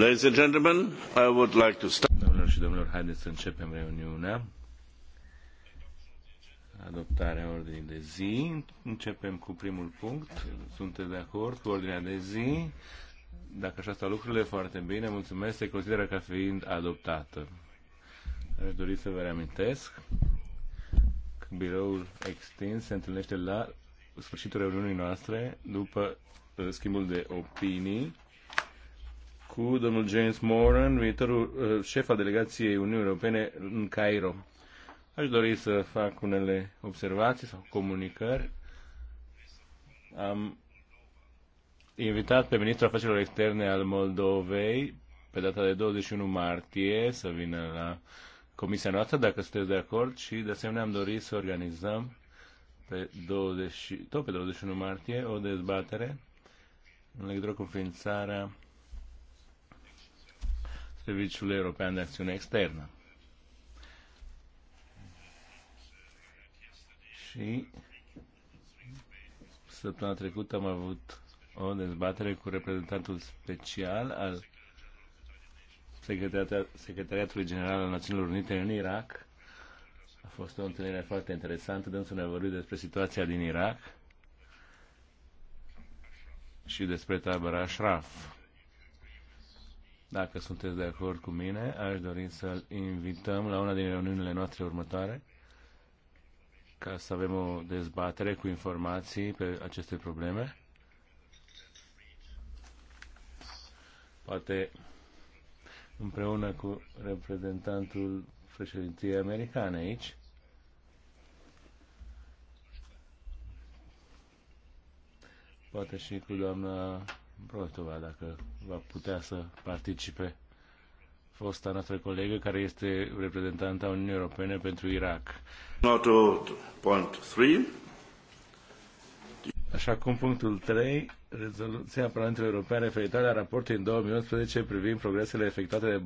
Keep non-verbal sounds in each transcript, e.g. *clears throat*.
Ladies and gentlemen, I would like to start. Domnilor și domnilor, haideți să începem reuniunea. Adoptarea ordinii de zi. Începem cu primul punct. Sunteți de acord cu ordinea de zi? Dacă așa stau lucrurile foarte bine, mulțumesc, se consideră ca fiind adoptată. Aș dori să vă reamintesc că biroul extins se întâlnește la sfârșitul reuniunii noastre după uh, schimbul de opinii cu domnul James Moran, viitorul uh, șef al delegației Uniunii Europene în Cairo. Aș dori să fac unele observații sau comunicări. Am invitat pe ministrul afacerilor externe al Moldovei pe data de 21 martie să vină la comisia noastră, dacă sunteți de acord, și de asemenea am dorit să organizăm pe 20, tot pe 21 martie o dezbatere în legătură cu înființarea Serviciul European de Acțiune Externă. Și săptămâna trecută am avut o dezbatere cu reprezentantul special al Secretariatului General al Națiunilor Unite în Irak. A fost o întâlnire foarte interesantă, dânsul ne-a vorbit despre situația din Irak și despre tabăra Ashraf. Dacă sunteți de acord cu mine, aș dori să-l invităm la una din reuniunile noastre următoare ca să avem o dezbatere cu informații pe aceste probleme. Poate împreună cu reprezentantul președinției americane aici. Poate și cu doamna Rostova, dacă va putea să participe. Fosta noastră colegă care este reprezentanta Uniunii Europene pentru Irak. Așa cum punctul 3, rezoluția Parlamentului European referitoare la raportul din 2011 privind progresele efectuate de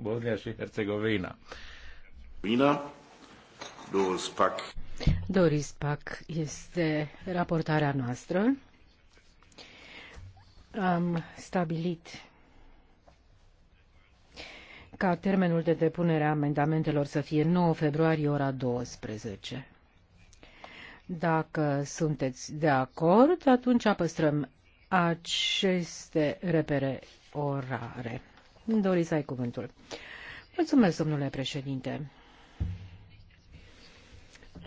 Bosnia și Herțegovina. Herțegovina, Doris Pac. Doris Pac este raportarea noastră am stabilit ca termenul de depunere a amendamentelor să fie 9 februarie ora 12. Dacă sunteți de acord, atunci păstrăm aceste repere orare. Doriți să ai cuvântul. Mulțumesc, domnule președinte.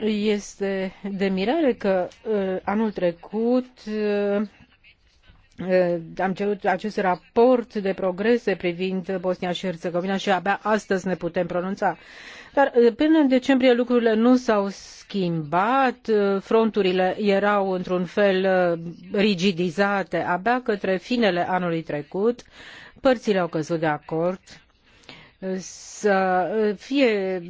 Este de mirare că uh, anul trecut uh, Eh, am cerut acest raport de progrese privind Bosnia și Herțegovina și abia astăzi ne putem pronunța. Dar eh, până în decembrie lucrurile nu s-au schimbat, eh, fronturile erau într-un fel rigidizate. Abia către finele anului trecut, părțile au căzut de acord să fie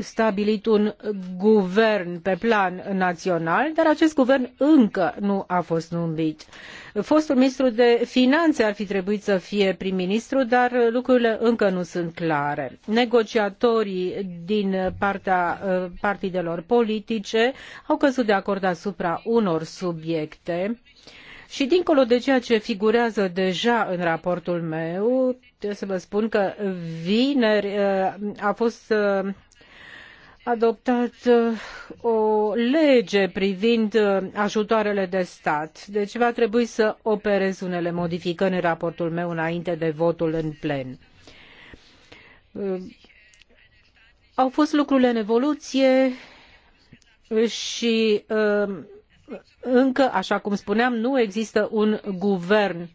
stabilit un guvern pe plan național, dar acest guvern încă nu a fost numit. Fostul ministru de finanțe ar fi trebuit să fie prim-ministru, dar lucrurile încă nu sunt clare. Negociatorii din partea uh, partidelor politice au căzut de acord asupra unor subiecte și dincolo de ceea ce figurează deja în raportul meu, trebuie să vă spun că vineri uh, a fost uh, adoptat uh, o lege privind uh, ajutoarele de stat. Deci va trebui să operez unele modificări în raportul meu înainte de votul în plen. Uh, au fost lucrurile în evoluție și încă, așa cum spuneam, nu există un guvern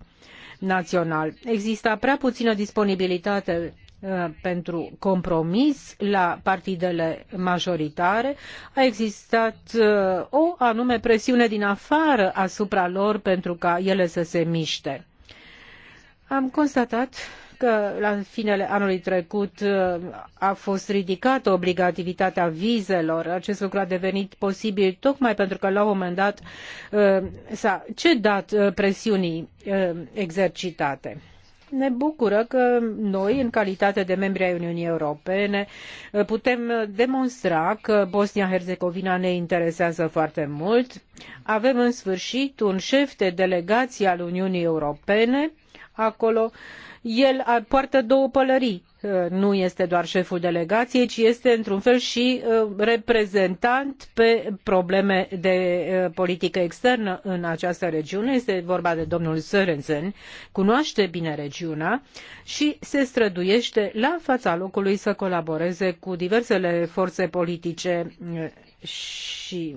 național. Exista prea puțină disponibilitate Uh, pentru compromis la partidele majoritare, a existat uh, o anume presiune din afară asupra lor pentru ca ele să se miște. Am constatat că la finele anului trecut uh, a fost ridicată obligativitatea vizelor. Acest lucru a devenit posibil tocmai pentru că la un moment dat s-a cedat presiunii exercitate ne bucură că noi, în calitate de membri ai Uniunii Europene, putem demonstra că Bosnia-Herzegovina ne interesează foarte mult. Avem în sfârșit un șef de delegație al Uniunii Europene acolo el poartă două pălării. Uh, nu este doar șeful delegației, ci este într-un fel și uh, reprezentant pe probleme de uh, politică externă în această regiune. Este vorba de domnul Sørensen. Cunoaște bine regiunea și se străduiește la fața locului să colaboreze cu diversele forțe politice și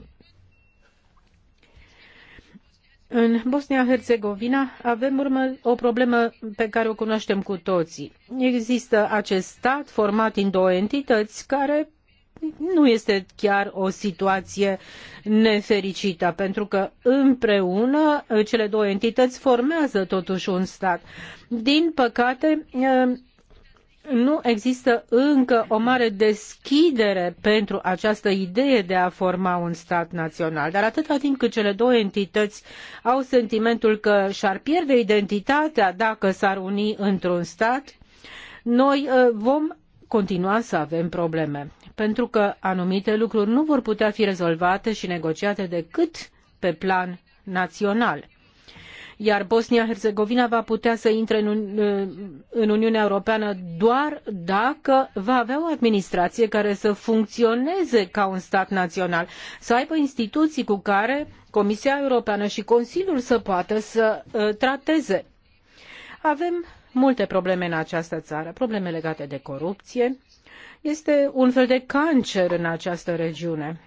în Bosnia-Herzegovina avem urmă, o problemă pe care o cunoaștem cu toții. Există acest stat format din două entități care nu este chiar o situație nefericită, pentru că împreună cele două entități formează totuși un stat. Din păcate, nu există încă o mare deschidere pentru această idee de a forma un stat național. Dar atâta timp cât cele două entități au sentimentul că și-ar pierde identitatea dacă s-ar uni într-un stat, noi uh, vom continua să avem probleme, pentru că anumite lucruri nu vor putea fi rezolvate și negociate decât pe plan național iar bosnia herțegovina va putea să intre în uniunea europeană doar dacă va avea o administrație care să funcționeze ca un stat național să aibă instituții cu care comisia europeană și consiliul să poată să uh, trateze. avem multe probleme în această țară probleme legate de corupție este un fel de cancer în această regiune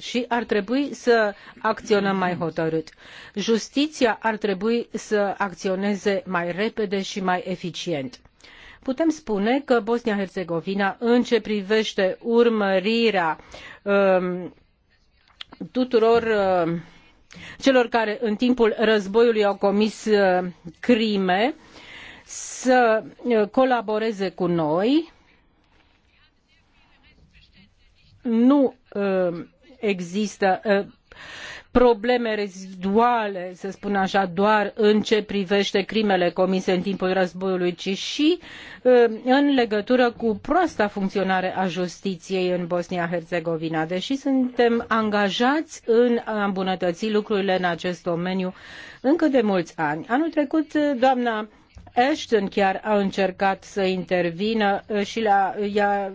și ar trebui să acționăm mai hotărât. Justiția ar trebui să acționeze mai repede și mai eficient. Putem spune că Bosnia-Herzegovina, în ce privește urmărirea um, tuturor uh, celor care în timpul războiului au comis uh, crime, să uh, colaboreze cu noi. Nu uh, există ă, probleme reziduale, să spun așa, doar în ce privește crimele comise în timpul războiului, ci și ă, în legătură cu proasta funcționare a justiției în Bosnia-Herzegovina. Deși suntem angajați în a îmbunătăți lucrurile în acest domeniu încă de mulți ani. Anul trecut, doamna Ashton chiar a încercat să intervină ă, și la, i-a,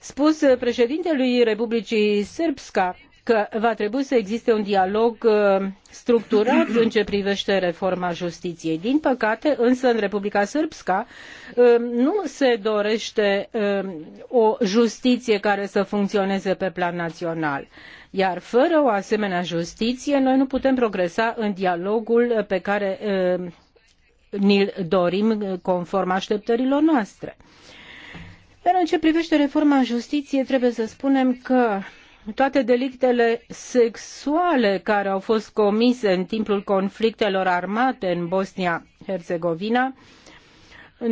spus președintelui Republicii Srpska că va trebui să existe un dialog uh, structurat în ce privește reforma justiției. Din păcate, însă, în Republica Srpska uh, nu se dorește uh, o justiție care să funcționeze pe plan național. Iar fără o asemenea justiție, noi nu putem progresa în dialogul pe care ni-l dorim conform așteptărilor noastre. Iar în ce privește reforma justiției, trebuie să spunem că toate delictele sexuale care au fost comise în timpul conflictelor armate în Bosnia-Herzegovina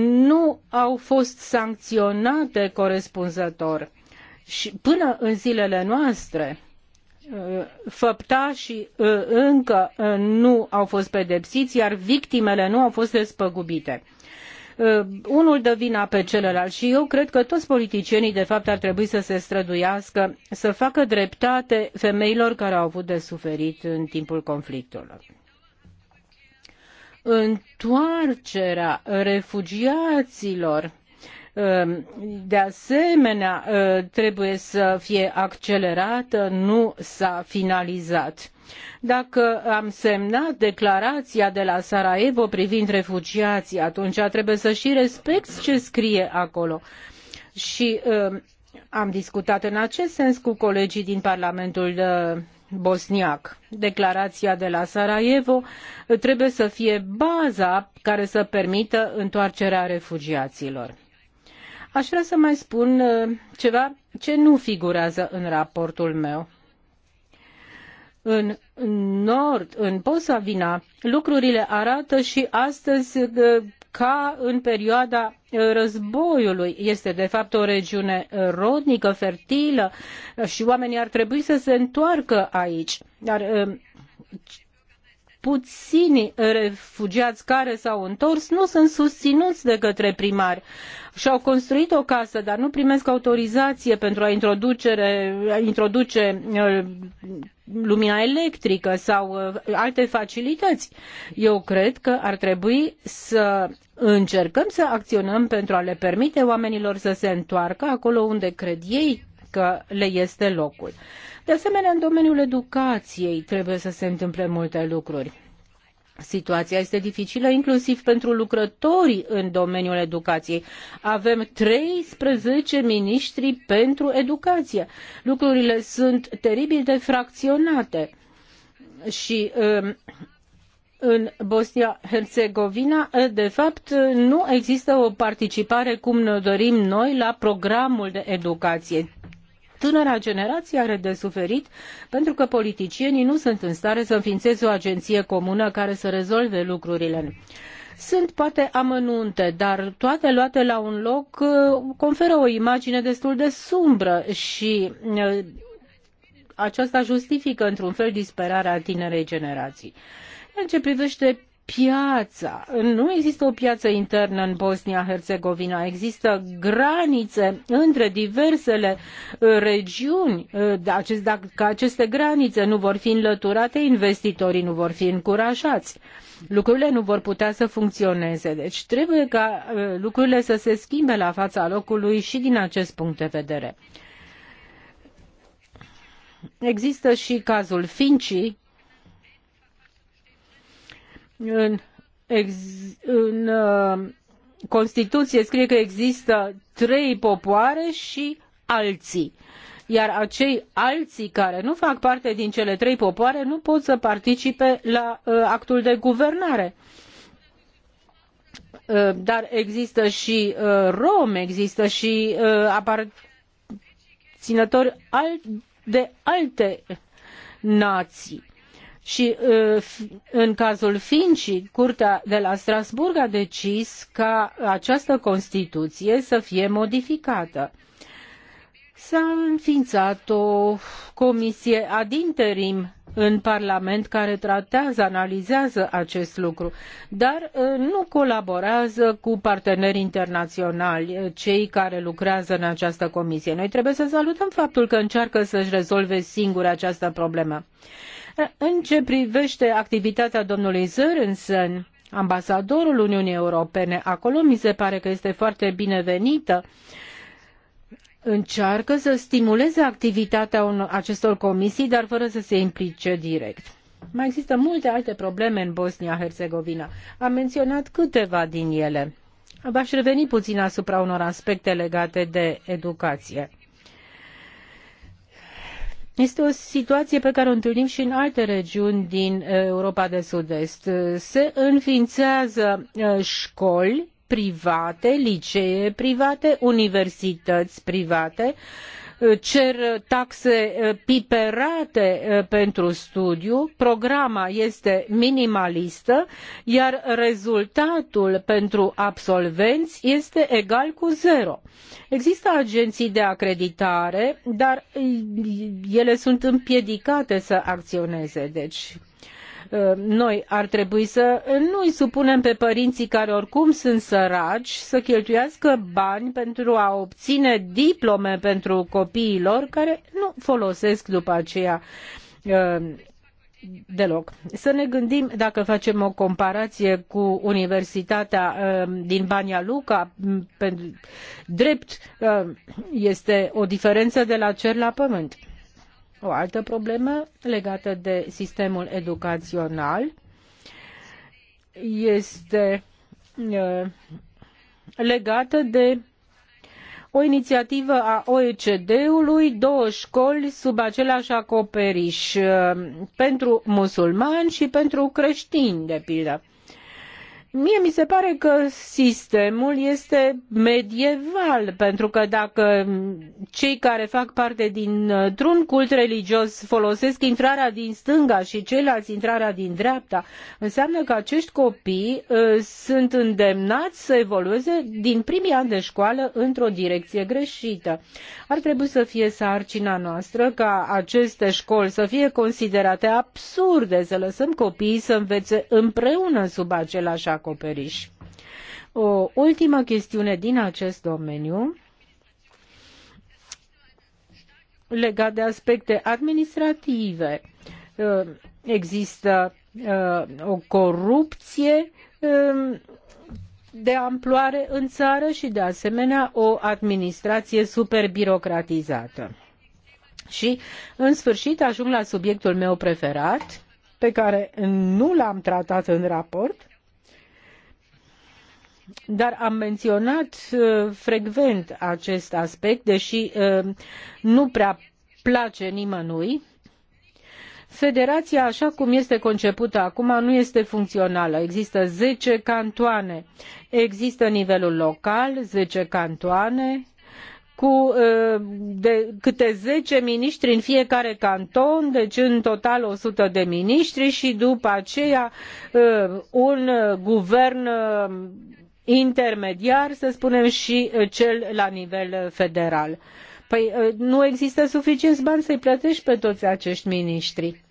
nu au fost sancționate corespunzător. Și până în zilele noastre, făptașii încă nu au fost pedepsiți, iar victimele nu au fost despăgubite. Uh, unul dă vina pe celălalt și eu cred că toți politicienii de fapt ar trebui să se străduiască să facă dreptate femeilor care au avut de suferit în timpul conflictelor întoarcerea refugiaților Ehm, de asemenea ehm, trebuie să fie accelerată, nu s-a finalizat. Dacă am semnat declarația de la Sarajevo privind refugiații, atunci trebuie să și respecti ce scrie acolo. Și ehm, am discutat în acest sens cu colegii din Parlamentul bosniac. Declarația de la Sarajevo trebuie să fie baza care să permită întoarcerea refugiaților. Aș vrea să mai spun uh, ceva ce nu figurează în raportul meu. În nord, în Posavina, lucrurile arată și astăzi uh, ca în perioada uh, războiului. Este de fapt o regiune rodnică, fertilă și oamenii ar trebui să se întoarcă aici. Dar puțini refugiați care s-au întors nu sunt susținuți de către primari. Și-au construit o casă, dar nu primesc autorizație pentru a introduce uh, lumina electrică sau uh, alte facilități. Eu cred că ar trebui să încercăm să acționăm pentru a le permite oamenilor să se întoarcă acolo unde cred ei că le este locul. De asemenea, în domeniul educației trebuie să se întâmple multe lucruri. Situația este dificilă inclusiv pentru lucrătorii în domeniul educației. Avem 13 miniștri pentru educație. Lucrurile sunt teribil de fracționate. Și um, în Bosnia herzegovina uh, de fapt, nu există o participare cum ne dorim noi la programul de educație. Tânăra generație are de suferit pentru că politicienii nu sunt în stare să înființeze o agenție comună care să rezolve lucrurile. Sunt poate amănunte, dar toate luate la un loc uh, conferă o imagine destul de sumbră și uh, aceasta justifică într-un fel disperarea tinerei generații. În ce privește piața. Nu există o piață internă în Bosnia-Herzegovina, există granițe între diversele uh, regiuni. Uh, dacă aceste granițe nu vor fi înlăturate, investitorii nu vor fi încurajați. Lucrurile nu vor putea să funcționeze. Deci trebuie ca uh, lucrurile să se schimbe la fața locului și din acest punct de vedere. Există și cazul Fincii, în, în uh, Constituție scrie că există trei popoare și alții. Iar acei alții care nu fac parte din cele trei popoare nu pot să participe la uh, actul de guvernare uh, dar există și rom, există și aparținători de alte nații. Și ă, în cazul Fincii, Curtea de la Strasburg a decis ca această Constituție să fie modificată. S-a înființat o comisie ad interim în Parlament care tratează, analizează acest lucru, dar ă, nu colaborează cu parteneri internaționali, ă, cei care lucrează în această comisie. Noi trebuie să salutăm faptul că încearcă să-și rezolve singură această problemă. În ce privește activitatea domnului Sørensen, ambasadorul Uniunii Europene, acolo mi se pare că este foarte binevenită încearcă să stimuleze activitatea acestor comisii, dar fără să se implice direct. Mai există multe alte probleme în Bosnia-Herzegovina. Am menționat câteva din ele. V-aș reveni puțin asupra unor aspecte legate de educație. Este o situație pe care o întâlnim și în alte regiuni din uh, Europa de Sud-Est. Uh, se înființează uh, școli private, licee private, universități private Uh, cer uh, taxe uh, piperate pentru studiu, programa este minimalistă, iar rezultatul pentru absolvenți este egal cu zero. Există agenții de acreditare, dar ele sunt împiedicate să acționeze. Deci, Uh, noi ar trebui să nu îi supunem pe părinții care oricum sunt săraci să cheltuiască bani pentru a obține diplome pentru copiii lor care nu folosesc după aceea uh, deloc. Să ne gândim dacă facem o comparație cu Universitatea uh, din Banja Luka, drept este o diferență de la cer la pământ. O altă problemă legată de sistemul educațional este legată de o inițiativă a OECD-ului, două școli sub același acoperiș pentru musulmani și pentru creștini, de pildă. Mie mi se pare că sistemul este medieval, pentru că dacă cei care fac parte dintr-un cult religios folosesc intrarea din stânga și ceilalți intrarea din dreapta, înseamnă că acești copii uh, sunt îndemnați să evolueze din primii ani de școală într-o direcție greșită. Ar trebui să fie sarcina noastră ca aceste școli să fie considerate absurde, să lăsăm copiii să învețe împreună sub același acord acoperiș. O ultimă chestiune din acest domeniu legat de aspecte administrative. Uh, există uh, o corupție um, de amploare în țară și de asemenea o administrație superbirocratizată. Și în sfârșit ajung la subiectul meu preferat, pe care nu l-am tratat în raport, dar am menționat uh, frecvent acest aspect, deși uh, nu prea place nimănui. Federația, așa cum este concepută acum, nu este funcțională. Există zece cantoane. Există nivelul local, zece cantoane, cu uh, de, câte zece miniștri în fiecare canton, deci în total 100 de miniștri și după aceea un guvern intermediar, să spunem, și uh, cel la nivel uh, federal. Păi uh, nu există suficienți bani să-i plătești pe toți acești miniștri.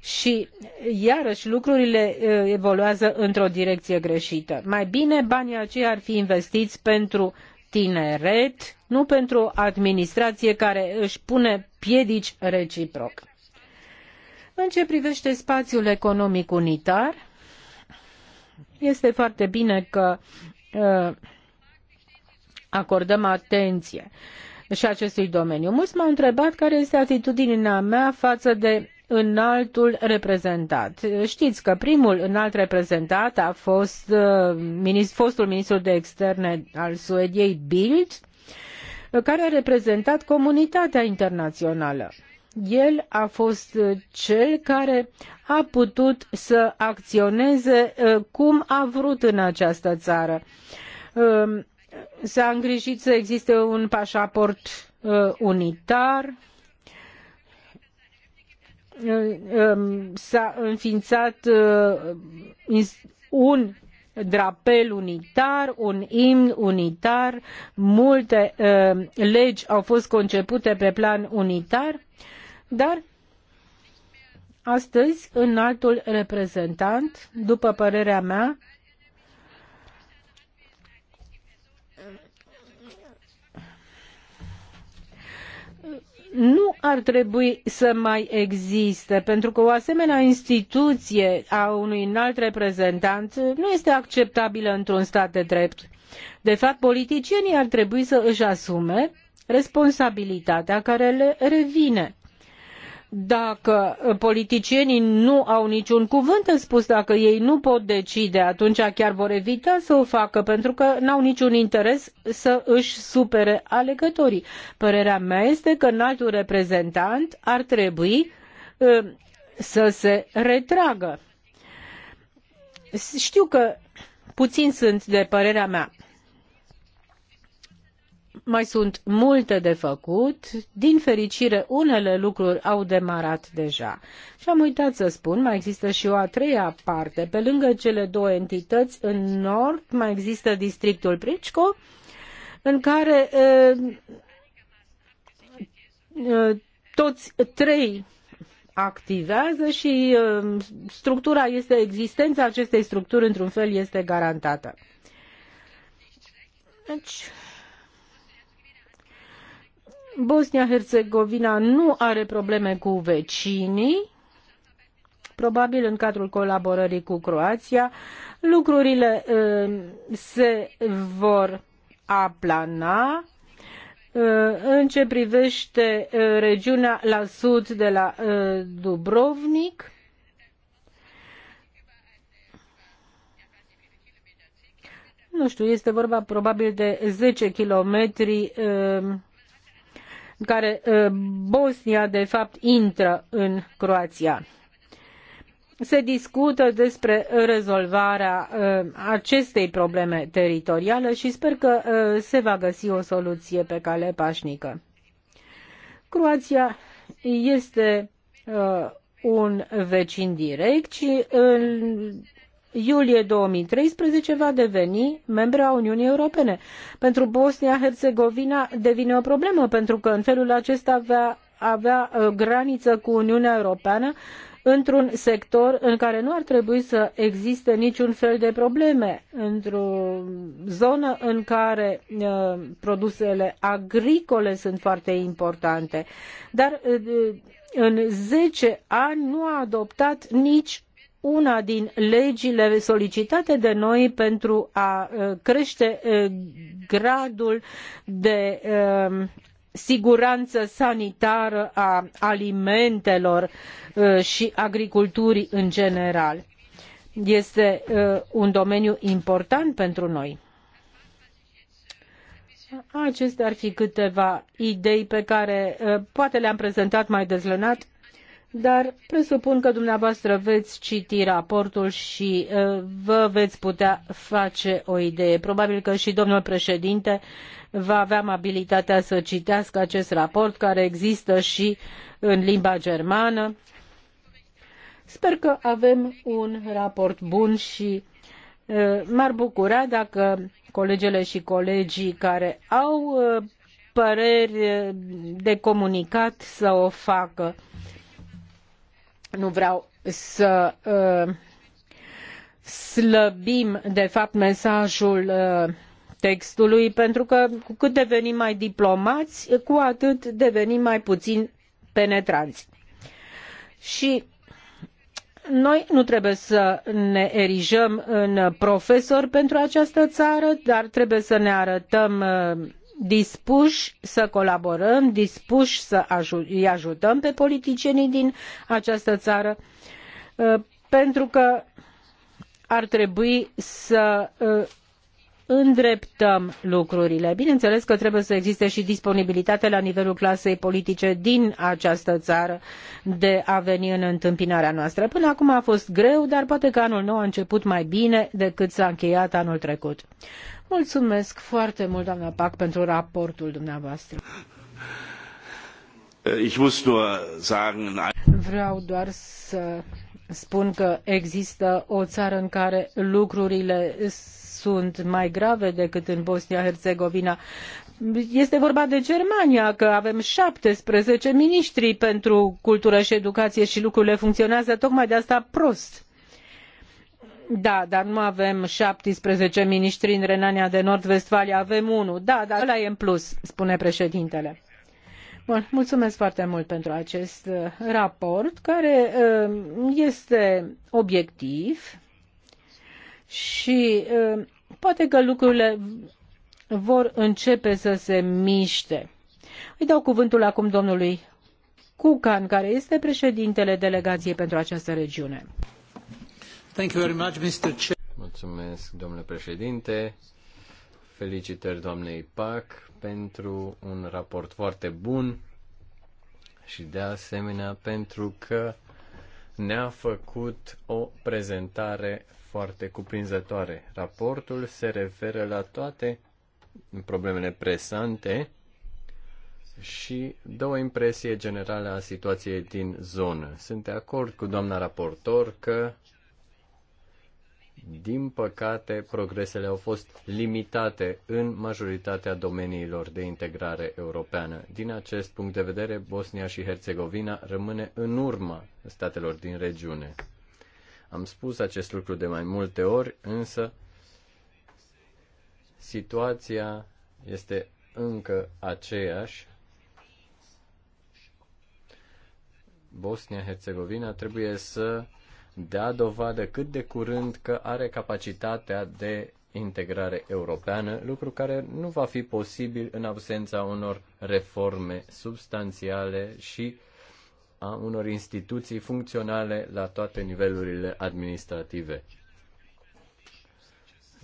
Și iarăși lucrurile evoluează într-o direcție greșită. Mai bine banii aceia ar fi investiți pentru tineret, nu pentru o administrație care își pune piedici reciproc. În ce privește spațiul economic unitar, este foarte bine că uh, acordăm atenție și acestui domeniu. Mulți m-au întrebat care este atitudinea mea față de înaltul reprezentat. Știți că primul înalt reprezentat a fost uh, minist, fostul ministru de externe al Suediei, Bild, care a reprezentat comunitatea internațională el a fost uh, cel care a putut să acționeze uh, cum a vrut în această țară. Um, s-a îngrijit să existe un pașaport uh, unitar, um, s-a înființat un drapel unitar, un imn unitar, multe legi au fost concepute pe plan unitar dar astăzi, în altul reprezentant, după părerea mea, nu ar trebui să mai existe, pentru că o asemenea instituție a unui înalt reprezentant nu este acceptabilă într-un stat de drept. De fapt, politicienii ar trebui să își asume responsabilitatea care le revine dacă politicienii nu au niciun cuvânt în spus, dacă ei nu pot decide, atunci chiar vor evita să o facă, pentru că n-au niciun interes să își supere alegătorii. Părerea mea este că înaltul reprezentant ar trebui ă, să se retragă. Știu că puțin sunt de părerea mea, mai sunt multe de făcut. Din fericire, unele lucruri au demarat deja. Și am uitat să spun, mai există și o a treia parte. Pe lângă cele două entități, în nord mai există districtul Pricco, în care toți trei activează și structura este, existența acestei structuri într-un fel este garantată. Deci, Bosnia-Herzegovina nu are probleme cu vecinii, probabil în cadrul colaborării cu Croația, lucrurile uh, se vor aplana uh, în ce privește uh, regiunea la sud de la Dubrovnik. Nu știu, este vorba probabil de 10 kilometri în care uh, Bosnia, de fapt, intră în Croația. Se discută despre rezolvarea uh, acestei probleme teritoriale și sper că uh, se va găsi o soluție pe cale pașnică. Croația este un vecin direct și iulie 2013 va deveni membru a Uniunii Europene. Pentru Bosnia-Herzegovina devine o problemă pentru că în felul acesta va avea uh, graniță cu Uniunea Europeană într-un sector în care nu ar trebui să existe niciun fel de probleme, într-o zonă în care uh, produsele agricole sunt foarte importante. Dar uh, în zece ani nu a adoptat nici una din legile solicitate de noi pentru a uh, crește uh, gradul de uh, siguranță sanitară a alimentelor și agriculturii în general. Este un domeniu important pentru noi. Acestea ar fi câteva idei pe care poate le-am prezentat mai dezlănat dar presupun că dumneavoastră veți citi raportul și uh, vă veți putea face o idee. Probabil că și domnul președinte va avea abilitatea să citească acest raport care există și în limba germană. Sper că avem un raport bun și uh, m-ar bucura dacă colegele și colegii care au uh, păreri uh, de comunicat să o facă nu vreau să uh, slăbim, de fapt, mesajul uh, textului, pentru că cu cât devenim mai diplomați, cu atât devenim mai puțin penetranți. Și noi nu trebuie să ne erijăm în profesori pentru această țară, dar trebuie să ne arătăm uh, dispuși să colaborăm, dispuși să îi ajutăm pe politicienii din această țară, uh, pentru că ar trebui să uh, îndreptăm lucrurile. Bineînțeles că trebuie să existe și disponibilitate la nivelul clasei politice din această țară de a veni în întâmpinarea noastră. Până acum a fost greu, dar poate că anul nou a început mai bine decât s-a încheiat anul trecut. Mulțumesc foarte mult, doamna Pac, pentru raportul dumneavoastră. Vreau doar să spun că există o țară în care lucrurile sunt mai grave decât în Bosnia-Herzegovina. Este vorba de Germania, că avem 17 miniștri pentru cultură și educație și lucrurile funcționează tocmai de asta prost. Da, dar nu avem 17 miniștri în Renania de Nord-Vestfalia, avem unul. Da, dar ăla e în plus, spune președintele. Bun, mulțumesc foarte mult pentru acest uh, raport, care uh, este obiectiv, și poate că lucrurile vor începe să se miște. Îi dau cuvântul acum domnului Cucan, care este președintele delegației pentru această regiune. Thank you very much, Mr. Mulțumesc, domnule președinte. Felicitări doamnei PAC pentru un raport foarte bun și de asemenea pentru că ne-a făcut o prezentare foarte cuprinzătoare. Raportul se referă la toate problemele presante și dă o impresie generală a situației din zonă. Sunt de acord cu doamna raportor că, din păcate, progresele au fost limitate în majoritatea domeniilor de integrare europeană. Din acest punct de vedere, Bosnia și Herțegovina rămâne în urma statelor din regiune. Am spus acest lucru de mai multe ori, însă situația este încă aceeași. Bosnia-Herzegovina trebuie să dea dovadă cât de curând că are capacitatea de integrare europeană, lucru care nu va fi posibil în absența unor reforme substanțiale și a unor instituții funcționale la toate nivelurile administrative.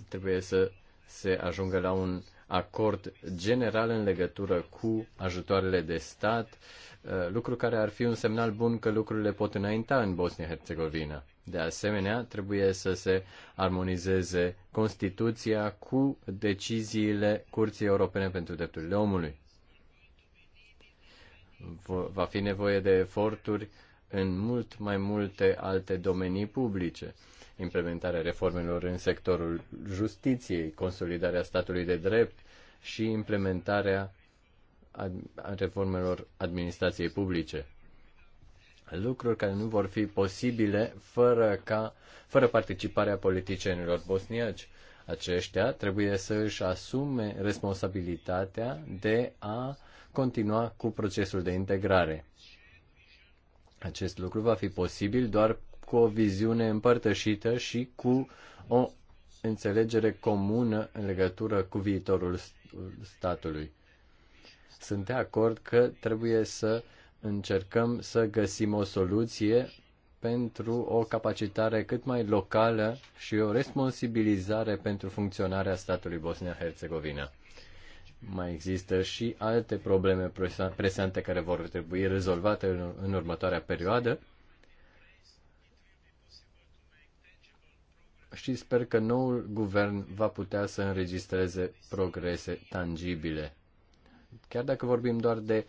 Trebuie să se ajungă la un acord general în legătură cu ajutoarele de stat, uh, lucru care ar fi un semnal bun că lucrurile pot înainta în Bosnia-Herzegovina. De asemenea, trebuie să se armonizeze Constituția cu deciziile Curții Europene pentru Drepturile Omului va fi nevoie de eforturi în mult mai multe alte domenii publice. Implementarea reformelor în sectorul justiției, consolidarea statului de drept și implementarea reformelor administrației publice. Lucruri care nu vor fi posibile fără, ca, fără participarea politicienilor bosniaci. Aceștia trebuie să își asume responsabilitatea de a continua cu procesul de integrare. Acest lucru va fi posibil doar cu o viziune împărtășită și cu o înțelegere comună în legătură cu viitorul statului. Sunt de acord că trebuie să încercăm să găsim o soluție pentru o capacitare cât mai locală și o responsabilizare pentru funcționarea statului Bosnia-Herzegovina mai există și alte probleme presante care vor trebui rezolvate în, în următoarea perioadă. Și sper că noul guvern va putea să înregistreze progrese tangibile. Chiar dacă vorbim doar de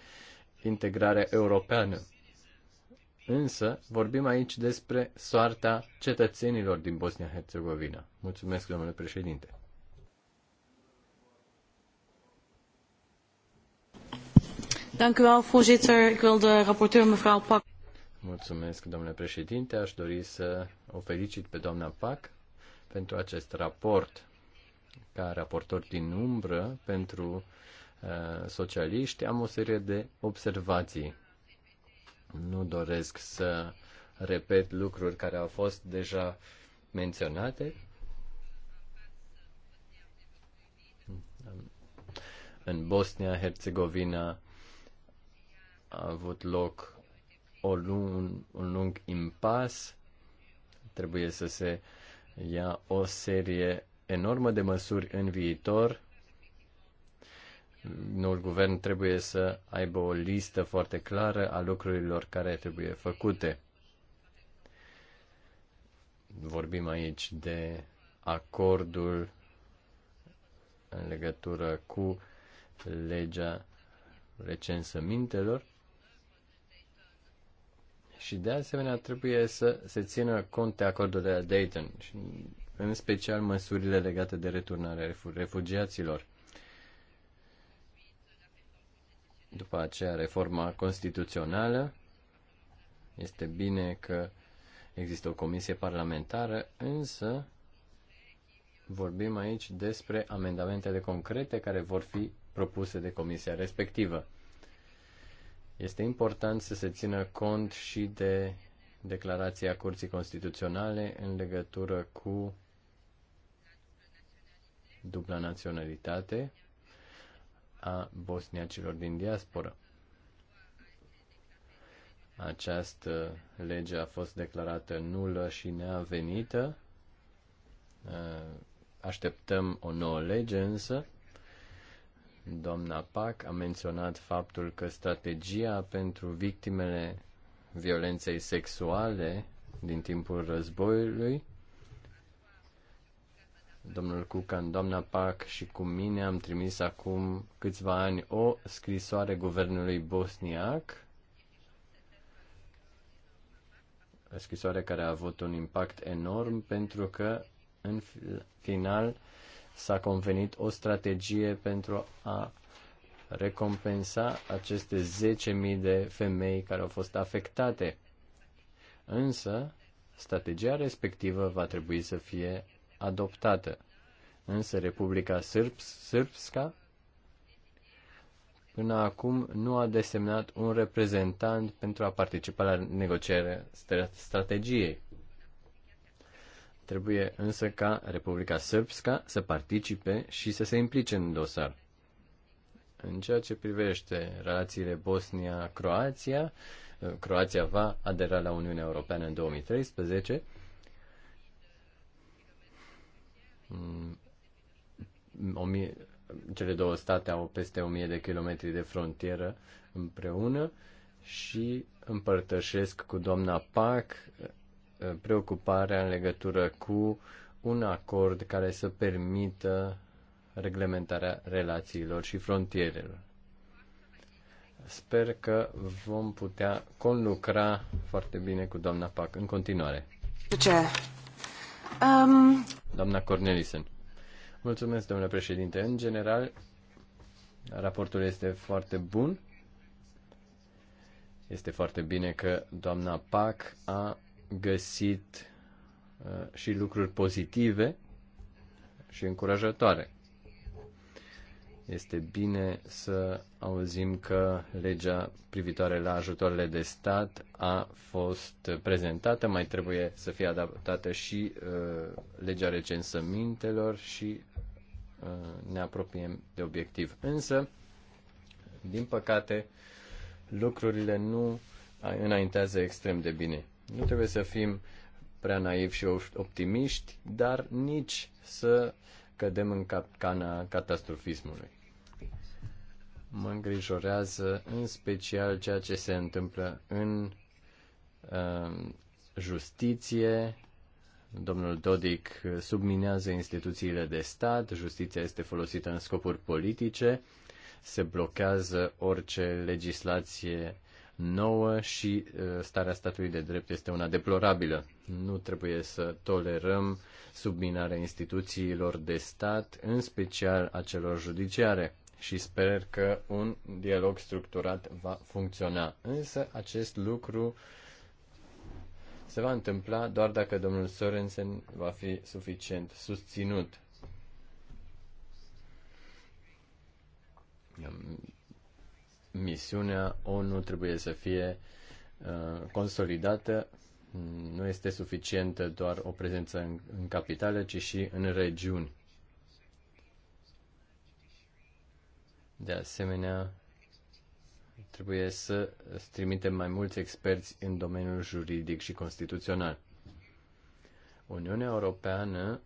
integrarea europeană. Însă, vorbim aici despre soarta cetățenilor din Bosnia-Herzegovina. Mulțumesc, domnule președinte. Dank Mulțumesc, domnule președinte. Aș dori să o felicit pe doamna Pac pentru acest raport ca raportor din umbră pentru uh, socialiști. Am o serie de observații. Nu doresc să repet lucruri care au fost deja menționate. În Bosnia, Herțegovina, a avut loc o lung, un lung impas, trebuie să se ia o serie enormă de măsuri în viitor. Noul guvern trebuie să aibă o listă foarte clară a lucrurilor care trebuie făcute. Vorbim aici de acordul în legătură cu legea recensămintelor și de asemenea trebuie să se țină cont de acordul de la Dayton, și în special măsurile legate de returnarea refugiaților. După aceea, reforma constituțională. Este bine că există o comisie parlamentară, însă vorbim aici despre amendamentele concrete care vor fi propuse de comisia respectivă. Este important să se țină cont și de declarația Curții Constituționale în legătură cu dubla naționalitate a bosniacilor din diasporă. Această lege a fost declarată nulă și neavenită. Așteptăm o nouă lege însă Doamna Pac a menționat faptul că strategia pentru victimele violenței sexuale din timpul războiului domnul Cucan, doamna Pac și cu mine am trimis acum câțiva ani o scrisoare guvernului bosniac, o scrisoare care a avut un impact enorm pentru că în final s-a convenit o strategie pentru a recompensa aceste 10.000 de femei care au fost afectate. Însă, strategia respectivă va trebui să fie adoptată. Însă Republica Sârbs, Sârbska până acum nu a desemnat un reprezentant pentru a participa la negocierea strategiei. Trebuie însă ca Republica Srpska să participe și să se implice în dosar. În ceea ce privește relațiile Bosnia-Croația, eh, Croația va adera la Uniunea Europeană în 2013. Mm, cele două state au peste 1000 de kilometri de frontieră împreună și împărtășesc cu doamna Pac Eh, preocuparea în legătură cu un acord care să permită reglementarea relațiilor și frontierelor. Sper că vom putea conlucra foarte bine cu doamna Pac în continuare. Ce? Um... Doamna Cornelisen. Mulțumesc, domnule președinte. În general, raportul este foarte bun. Este foarte bine că doamna Pac a găsit uh, și lucruri pozitive și încurajatoare. Este bine să auzim că legea privitoare la ajutoarele de stat a fost prezentată, mai trebuie să fie adaptată și uh, legea recensămintelor și uh, ne apropiem de obiectiv. Însă, din păcate, lucrurile nu înaintează extrem de bine. Nu trebuie să fim prea naivi și optimiști, dar nici să cădem în capcana catastrofismului. Mă îngrijorează în special ceea ce se întâmplă în uh, justiție. Domnul Dodic subminează instituțiile de stat, justiția este folosită în scopuri politice, se blochează orice legislație nouă și uh, starea statului de drept este una deplorabilă. Nu trebuie să tolerăm subminarea instituțiilor de stat, în special a celor judiciare și sper că un dialog structurat va funcționa. Însă acest lucru se va întâmpla doar dacă domnul Sorensen va fi suficient susținut misiunea ONU trebuie să fie uh, consolidată. Nu este suficientă doar o prezență în, în capitale, ci și în regiuni. De asemenea, trebuie să trimitem mai mulți experți în domeniul juridic și constituțional. Uniunea Europeană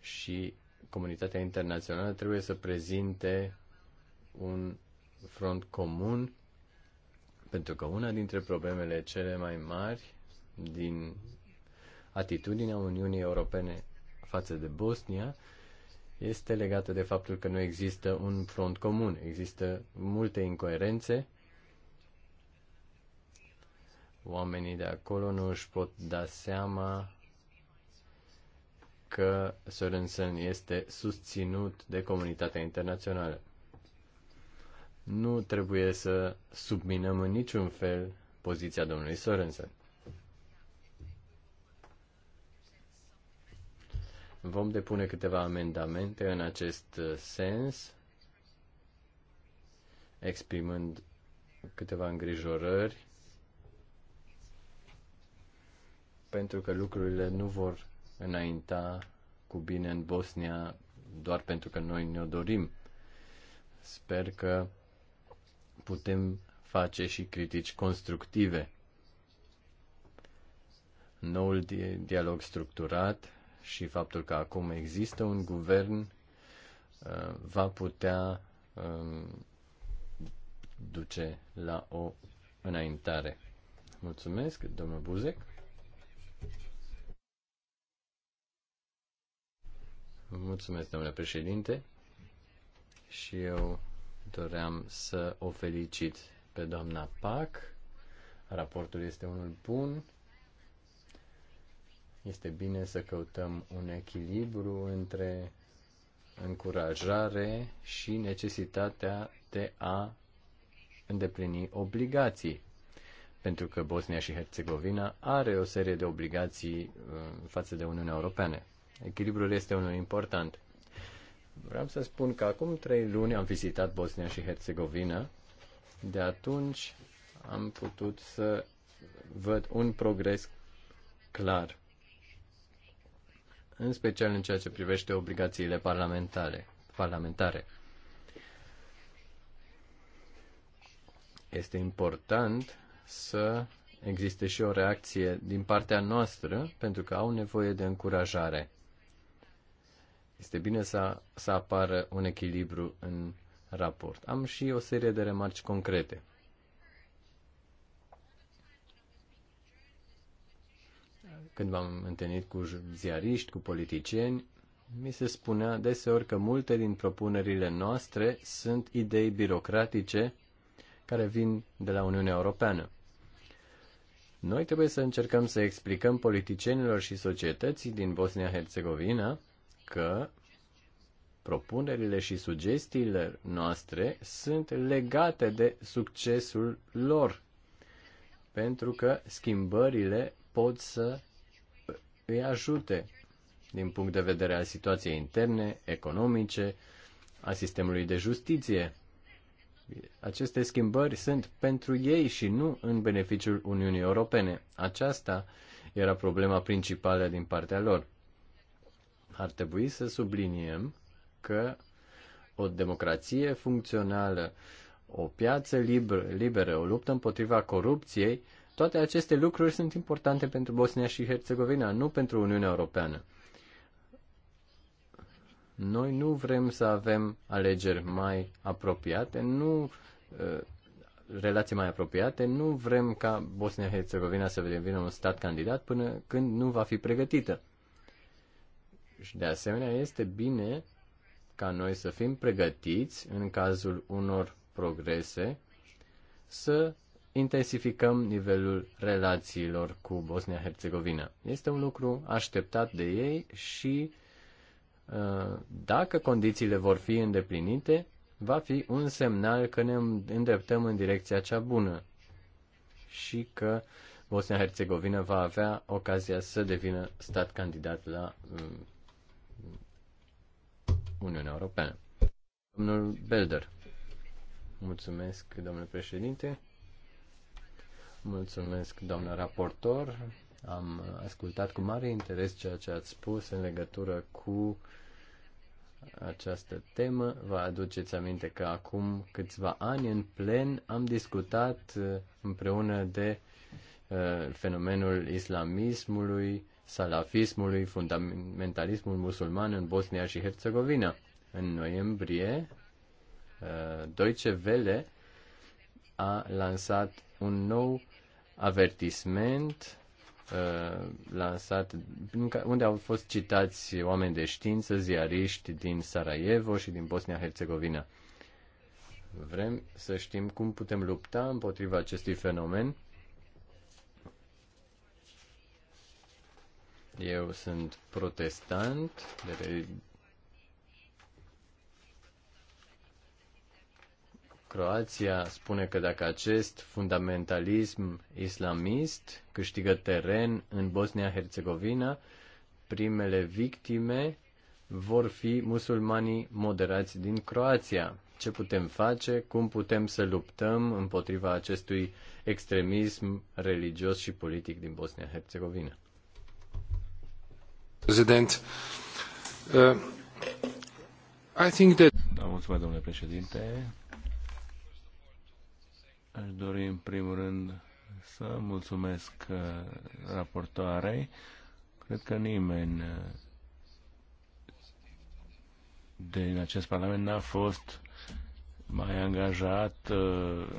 și comunitatea internațională trebuie să prezinte un front comun, pentru că una dintre problemele cele mai mari din atitudinea Uniunii Europene față de Bosnia este legată de faptul că nu există un front comun. Există multe incoerențe. Oamenii de acolo nu își pot da seama că Sorensen este susținut de comunitatea internațională. Nu trebuie să subminăm în niciun fel poziția domnului Sorensen. Vom depune câteva amendamente în acest uh, sens, exprimând câteva îngrijorări, pentru că lucrurile nu vor înainta cu bine în Bosnia doar pentru că noi ne-o dorim. Sper că putem face și critici constructive. Noul dialog structurat și faptul că acum există un guvern uh, va putea um, duce la o înaintare. Mulțumesc, domnul Buzec. Mulțumesc, domnule președinte. Și eu doream să o felicit pe doamna Pac. Raportul este unul bun. Este bine să căutăm un echilibru între încurajare și necesitatea de a îndeplini obligații. Pentru că Bosnia și Herțegovina are o serie de obligații uh, față de Uniunea Europeană. Echilibrul este unul important. Vreau să spun că acum trei luni am vizitat Bosnia și Herțegovina. De atunci am putut să văd un progres clar, în special în ceea ce privește obligațiile parlamentare. parlamentare. Este important să existe și o reacție din partea noastră, pentru că au nevoie de încurajare. Este bine să, să apară un echilibru în raport. Am și o serie de remarci concrete. Când m-am întâlnit cu ziariști, cu politicieni, mi se spunea deseori că multe din propunerile noastre sunt idei birocratice care vin de la Uniunea Europeană. Noi trebuie să încercăm să explicăm politicienilor și societății din Bosnia-Herzegovina că propunerile și sugestiile noastre sunt legate de succesul lor, pentru că schimbările pot să îi ajute din punct de vedere al situației interne, economice, a sistemului de justiție. Aceste schimbări sunt pentru ei și nu în beneficiul Uniunii Europene. Aceasta era problema principală din partea lor. Ar trebui să subliniem că o democrație funcțională, o piață liber, liberă, o luptă împotriva corupției, toate aceste lucruri sunt importante pentru Bosnia și Herțegovina, nu pentru Uniunea Europeană. Noi nu vrem să avem alegeri mai apropiate, nu uh, relații mai apropiate, nu vrem ca Bosnia-Herzegovina să devină un stat candidat până când nu va fi pregătită. Și de asemenea este bine ca noi să fim pregătiți în cazul unor progrese să intensificăm nivelul relațiilor cu Bosnia-Herzegovina. Este un lucru așteptat de ei și uh, dacă condițiile vor fi îndeplinite, va fi un semnal că ne îndreptăm în direcția cea bună și că Bosnia-Herzegovina va avea ocazia să devină stat candidat la uh, Uniunea Europeană. Domnul Belder. Mulțumesc, domnule președinte. Mulțumesc, doamnă raportor. Am ascultat cu mare interes ceea ce ați spus în legătură cu această temă. Vă aduceți aminte că acum câțiva ani în plen am discutat împreună de uh, fenomenul islamismului salafismului, fundamentalismul musulman în Bosnia și Herțegovina. În noiembrie, uh, Deutsche Welle a lansat un nou avertisment uh, lansat, unde au fost citați oameni de știință, ziariști din Sarajevo și din Bosnia-Herzegovina. Vrem să știm cum putem lupta împotriva acestui fenomen Eu sunt protestant, de Croația spune că dacă acest fundamentalism islamist câștigă teren în Bosnia-Herzegovina, primele victime vor fi musulmanii moderați din Croația. Ce putem face? Cum putem să luptăm împotriva acestui extremism religios și politic din Bosnia-Herzegovina? Uh, da, mulțumesc, domnule președinte. Aș dori, în primul rând, să mulțumesc uh, raportoarei. Cred că nimeni uh, din acest Parlament n-a fost mai angajat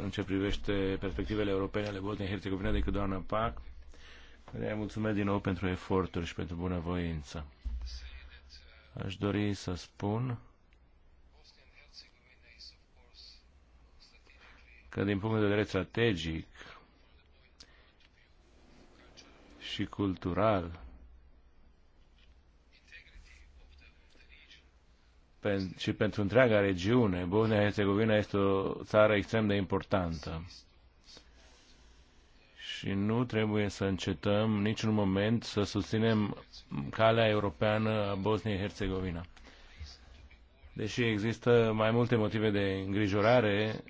în ce privește perspectivele europene ale Bosniei-Herzegovina decât doamna Pac căreia mulțumesc din nou pentru eforturi și pentru bunăvoință. Aș dori să spun că din punct de vedere strategic și cultural și pentru întreaga regiune, Bosnia-Herzegovina este o țară extrem de importantă și nu trebuie să încetăm niciun moment să susținem calea europeană a Bosniei-Herzegovina. Deși există mai multe motive de îngrijorare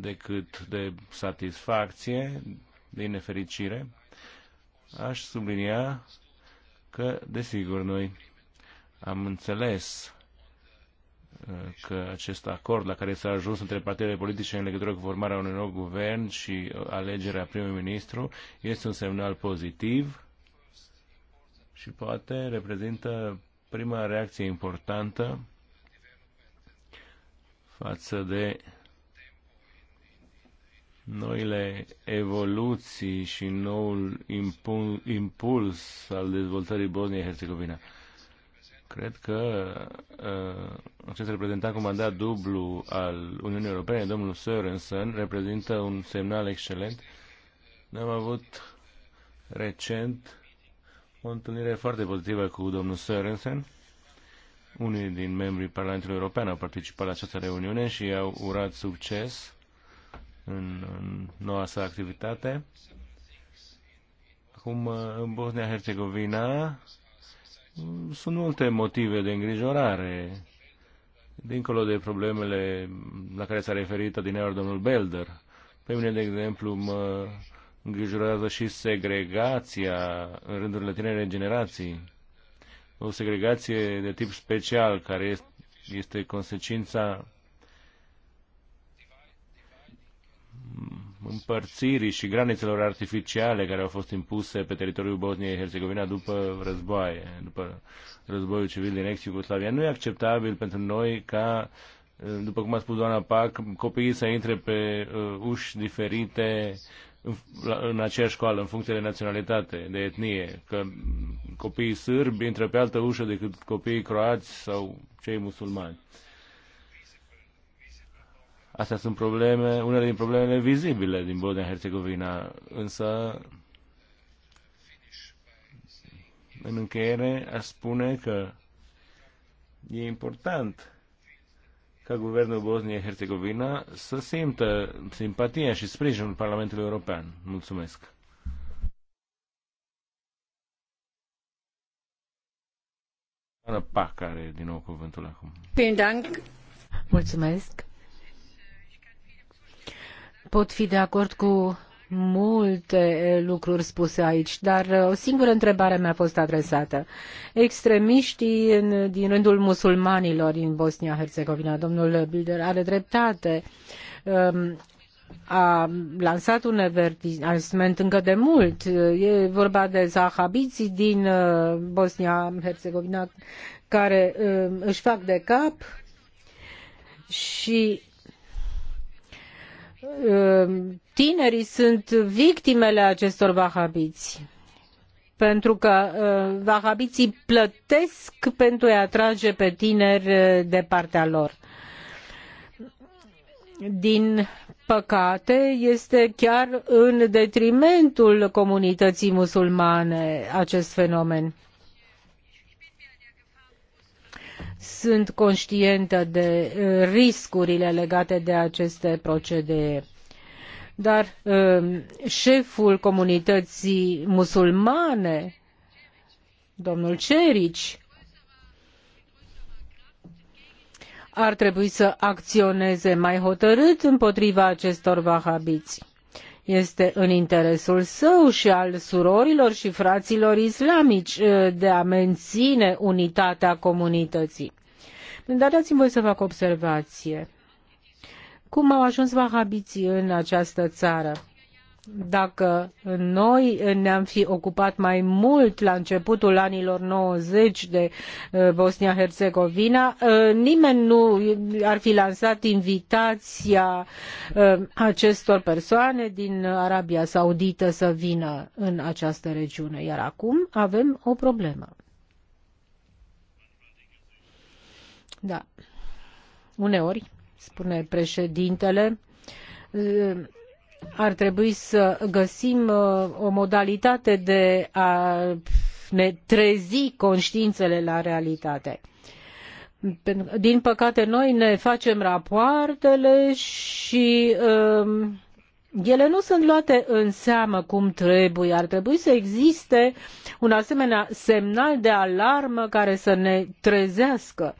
decât de satisfacție, din nefericire, aș sublinia că, desigur, noi am înțeles Uh, că acest acord la care s-a ajuns între partidele politice în legătură cu formarea unui nou guvern și uh, alegerea primului ministru este un semnal pozitiv și poate reprezintă prima reacție importantă față de noile evoluții și noul impuls al dezvoltării Bosniei-Herzegovina. Cred că uh, acest reprezentant cu mandat dublu al Uniunii Europene, domnul Sørensen, reprezintă un semnal excelent. Noi am avut recent o întâlnire foarte pozitivă cu domnul Sørensen. Unii din membrii Parlamentului European au participat la această reuniune și au urat succes în, în noua sa activitate. Acum, uh, în Bosnia-Herzegovina, sunt multe motive de îngrijorare, dincolo de problemele la care s-a referit adineori domnul Belder. Pe mine, de exemplu, mă îngrijorează și segregația în rândurile tinerei generații. O segregație de tip special care este consecința împărțirii și granițelor artificiale care au fost impuse pe teritoriul Bosniei-Herzegovina după războaie, după războiul civil din ex-Iugoslavia. Nu e acceptabil pentru noi ca, eh, după cum a spus doamna Pac, copiii să intre pe eh, uși diferite în, la, în aceeași școală, în funcție de naționalitate, de etnie, că copiii sârbi intră pe altă ușă decât copiii croați sau cei musulmani. Uh, Astea sunt probleme, unele din problemele vizibile din Bosnia-Herzegovina, însă în încheiere aș spune că e important ca guvernul bosnia herzegovina să simtă simpatia și sprijinul Parlamentului European. Mulțumesc! Pa, care din nou cuvântul acum. Mulțumesc! Pot fi de acord cu multe lucruri spuse aici, dar uh, o singură întrebare mi-a fost adresată. Extremiștii din rândul musulmanilor din Bosnia-Herzegovina, domnul Bilder are dreptate, um, a lansat un avertisment încă de mult. E vorba de zahabiții din uh, Bosnia-Herzegovina care um, își fac de cap și Ehm, tinerii sunt victimele acestor vahabiți pentru că ehm, vahabiții plătesc pentru a-i atrage pe tineri ehm, de partea lor. Din păcate, este chiar în detrimentul comunității musulmane acest fenomen. sunt conștientă de uh, riscurile legate de aceste procedee dar um, șeful comunității musulmane domnul Cerici ar trebui să acționeze mai hotărât împotriva acestor vahabiți este în interesul său și al surorilor și fraților islamici eh, de a menține unitatea comunității. Dar dați-mi voi să fac observație. Cum au ajuns vahabiții în această țară? Dacă noi ne-am fi ocupat mai mult la începutul anilor 90 de uh, Bosnia-Herzegovina, uh, nimeni nu ar fi lansat invitația uh, acestor persoane din Arabia Saudită să vină în această regiune. Iar acum avem o problemă. Da. Uneori, spune președintele, ar trebui să găsim uh, o modalitate de a ne trezi conștiințele la realitate. Din păcate, noi ne facem rapoartele și um, ele nu sunt luate în seamă cum trebuie. Ar trebui să existe un asemenea semnal de alarmă care să ne trezească.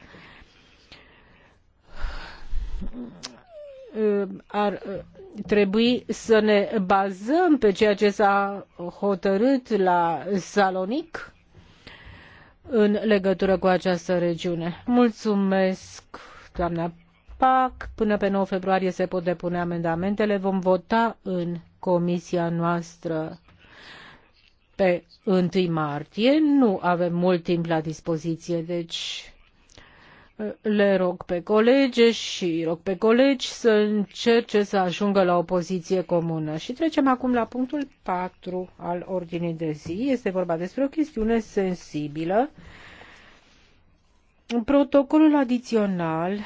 Uh, ar uh, trebui să ne bazăm pe ceea ce s-a hotărât la Salonic în legătură cu această regiune. Mulțumesc, doamna PAC. Până pe 9 februarie se pot depune amendamentele. Vom vota în comisia noastră pe 1 martie. Nu avem mult timp la dispoziție, deci le rog pe colegi și rog pe colegi să încerce să ajungă la o poziție comună. Și trecem acum la punctul 4 al ordinii de zi. Este vorba despre o chestiune sensibilă. Protocolul adițional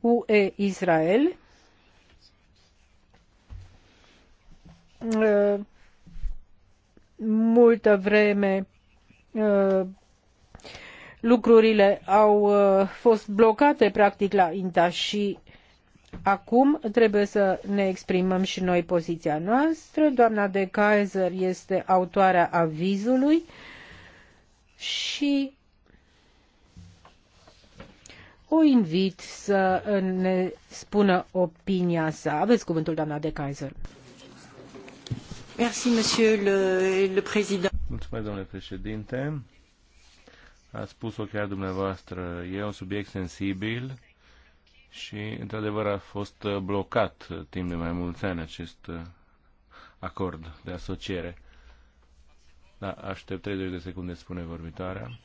UE-Israel uh, multă vreme uh, lucrurile au uh, fost blocate practic la INTA și acum trebuie să ne exprimăm și noi poziția noastră. Doamna de Kaiser este autoarea avizului și o invit să ne spună opinia sa. Aveți cuvântul, doamna de Kaiser. Merci, monsieur le, le Mulțumesc, domnule președinte. Ați spus-o chiar dumneavoastră. E un subiect sensibil și, într-adevăr, a fost blocat timp de mai mulți ani acest acord de asociere. Da, aștept 30 de secunde, spune vorbitoarea.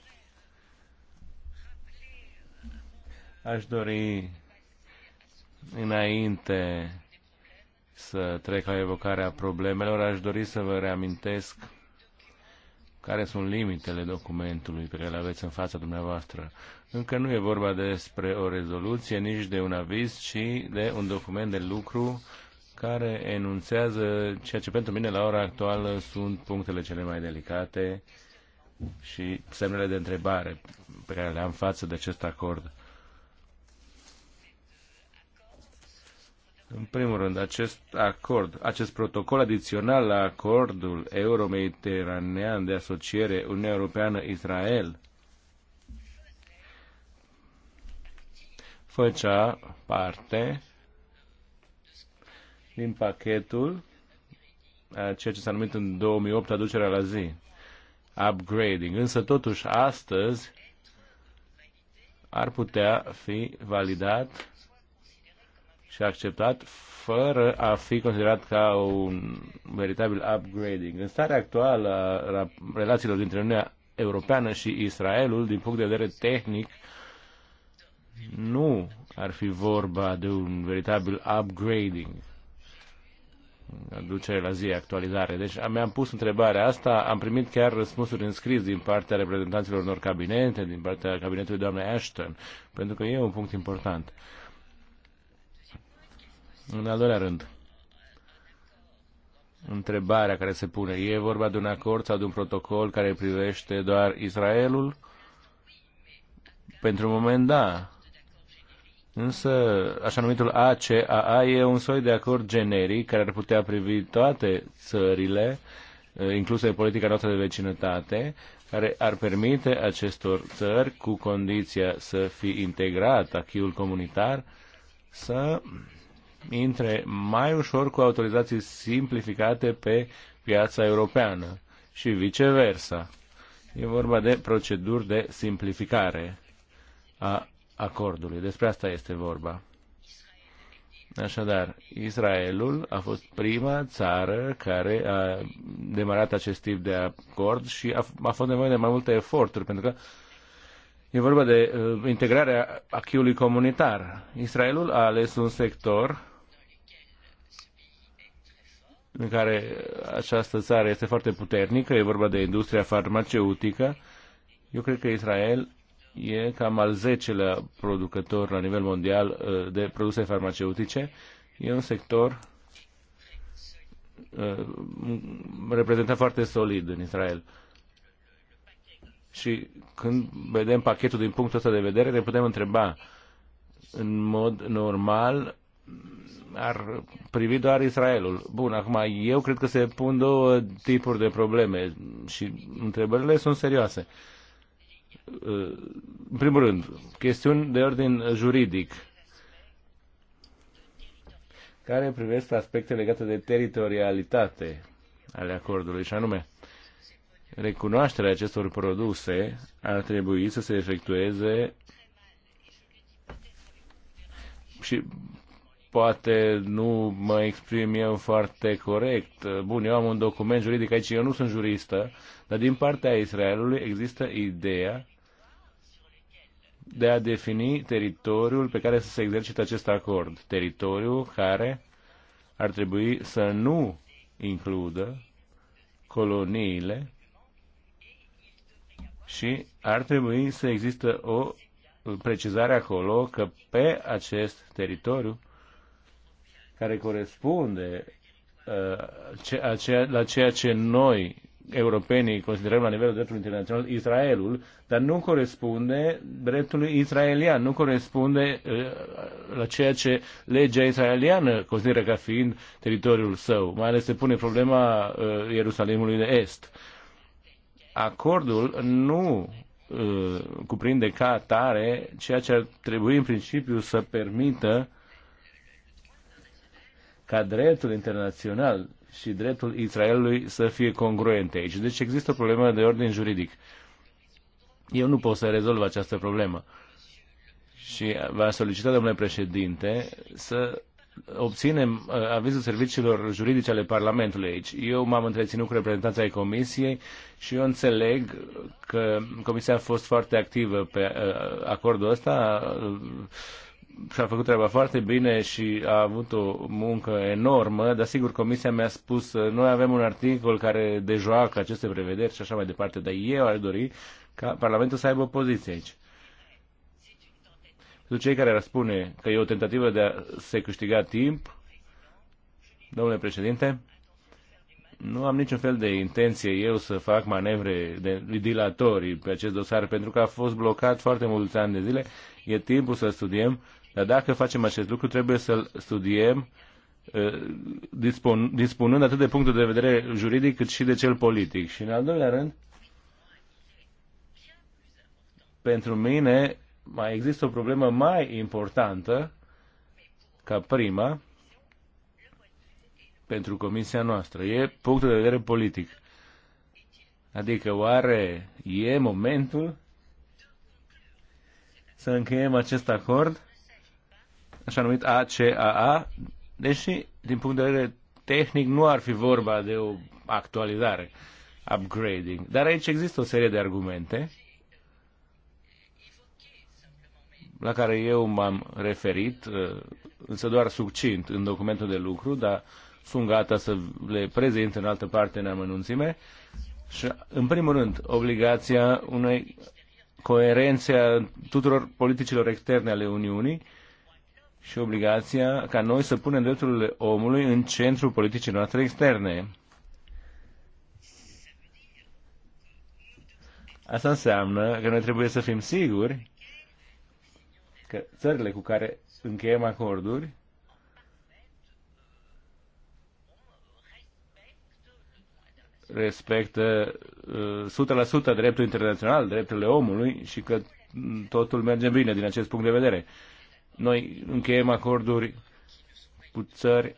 Aș dori, înainte să trec la evocarea problemelor, aș dori să vă reamintesc care sunt limitele documentului pe care le aveți în fața dumneavoastră. Încă nu e vorba despre o rezoluție, nici de un aviz, ci de un document de lucru care enunțează ceea ce pentru mine la ora actuală sunt punctele cele mai delicate și semnele de întrebare pe care le am față de acest acord. În primul rând, acest acord, acest protocol adițional la acordul euro-mediteranean de asociere Uniunea Europeană-Israel făcea parte din pachetul a ceea ce s-a numit în 2008 aducerea la zi, upgrading. Însă, totuși, astăzi ar putea fi validat și acceptat fără a fi considerat ca un veritabil upgrading. În starea actuală a relațiilor dintre Uniunea Europeană și Israelul, din punct de vedere tehnic, nu ar fi vorba de un veritabil upgrading aducere la zi, actualizare. Deci mi-am pus întrebarea asta, am primit chiar răspunsuri în scris din partea reprezentanților unor cabinete, din partea cabinetului doamnei Ashton, pentru că e un punct important. În al doilea rând, întrebarea care se pune, e vorba de un acord sau de un protocol care privește doar Israelul? Pentru moment, da. Însă, așa numitul ACAA e un soi de acord generic care ar putea privi toate țările, eh, incluse politica noastră de vecinătate, care ar permite acestor țări, cu condiția să fie integrat achiul comunitar, să intre mai ușor cu autorizații simplificate pe piața europeană și viceversa. E vorba de proceduri de simplificare a acordului. Despre asta este vorba. Așadar, Israelul a fost prima țară care a demarat acest tip de acord și a, a fost nevoie de mai multe eforturi, pentru că e vorba de uh, integrarea achiului comunitar. Israelul a ales un sector în care această țară este foarte puternică, e vorba de industria farmaceutică, eu cred că Israel e cam al 10-lea producător la nivel mondial uh, de produse farmaceutice. E un sector uh, reprezentat foarte solid în Israel. Și când vedem pachetul din punctul ăsta de vedere, ne putem întreba în mod normal ar privi doar Israelul. Bun, acum eu cred că se pun două tipuri de probleme și întrebările sunt serioase. În primul rând, chestiuni de ordin juridic care privesc aspecte legate de teritorialitate ale acordului, și anume, recunoașterea acestor produse ar trebui să se efectueze și poate nu mă exprim eu foarte corect. Bun, eu am un document juridic aici, eu nu sunt juristă, dar din partea Israelului există ideea de a defini teritoriul pe care să se exercite acest acord. Teritoriul care ar trebui să nu includă coloniile și ar trebui să există o precizare acolo că pe acest teritoriu care corespunde uh, la ceea ce noi, europenii, considerăm la nivelul dreptului internațional Israelul, dar nu corespunde dreptului israelian, nu corespunde uh, la ceea ce legea israeliană consideră ca fiind teritoriul său. Mai ales se pune problema uh, Ierusalimului de Est. Acordul nu cuprinde ca atare ceea ce ar trebui în principiu să permită ca dreptul internațional și dreptul Israelului să fie congruente aici. Deci există o problemă de ordin juridic. Eu nu pot să rezolv această problemă. Și va solicita domnule președinte, să obținem uh, avizul serviciilor juridice ale Parlamentului aici. Eu m-am întreținut cu reprezentanța ai Comisiei și eu înțeleg că Comisia a fost foarte activă pe uh, acordul ăsta uh, și-a făcut treaba foarte bine și a avut o muncă enormă, dar sigur comisia mi-a spus uh, noi avem un articol care dejoacă aceste prevederi și așa mai departe, dar eu aș dori ca Parlamentul să aibă o poziție aici. Pentru cei care răspune că e o tentativă de a se câștiga timp, domnule președinte, nu am niciun fel de intenție eu să fac manevre de dilatorii pe acest dosar, pentru că a fost blocat foarte mulți ani de zile. E timpul să studiem dar dacă facem acest lucru, trebuie să-l studiem ă, dispunând atât de punctul de vedere juridic cât și de cel politic. Și în al doilea rând, pentru mine mai există o problemă mai importantă ca prima pentru comisia noastră. E punctul de vedere politic. Adică oare e momentul să încheiem acest acord? așa numit ACAA, deși, din punct de vedere tehnic, nu ar fi vorba de o actualizare, upgrading. Dar aici există o serie de argumente la care eu m-am referit, uh, însă doar succint în documentul de lucru, dar sunt gata să le prezint în altă parte în amănunțime. Și, în primul rând, obligația unei coerențe a tuturor politicilor externe ale Uniunii, și obligația ca noi să punem drepturile omului în centrul politicii noastre externe. Asta înseamnă că noi trebuie să fim siguri că țările cu care încheiem acorduri respectă 100% uh, dreptul internațional, drepturile omului și că totul merge bine din acest punct de vedere noi încheiem acorduri cu țări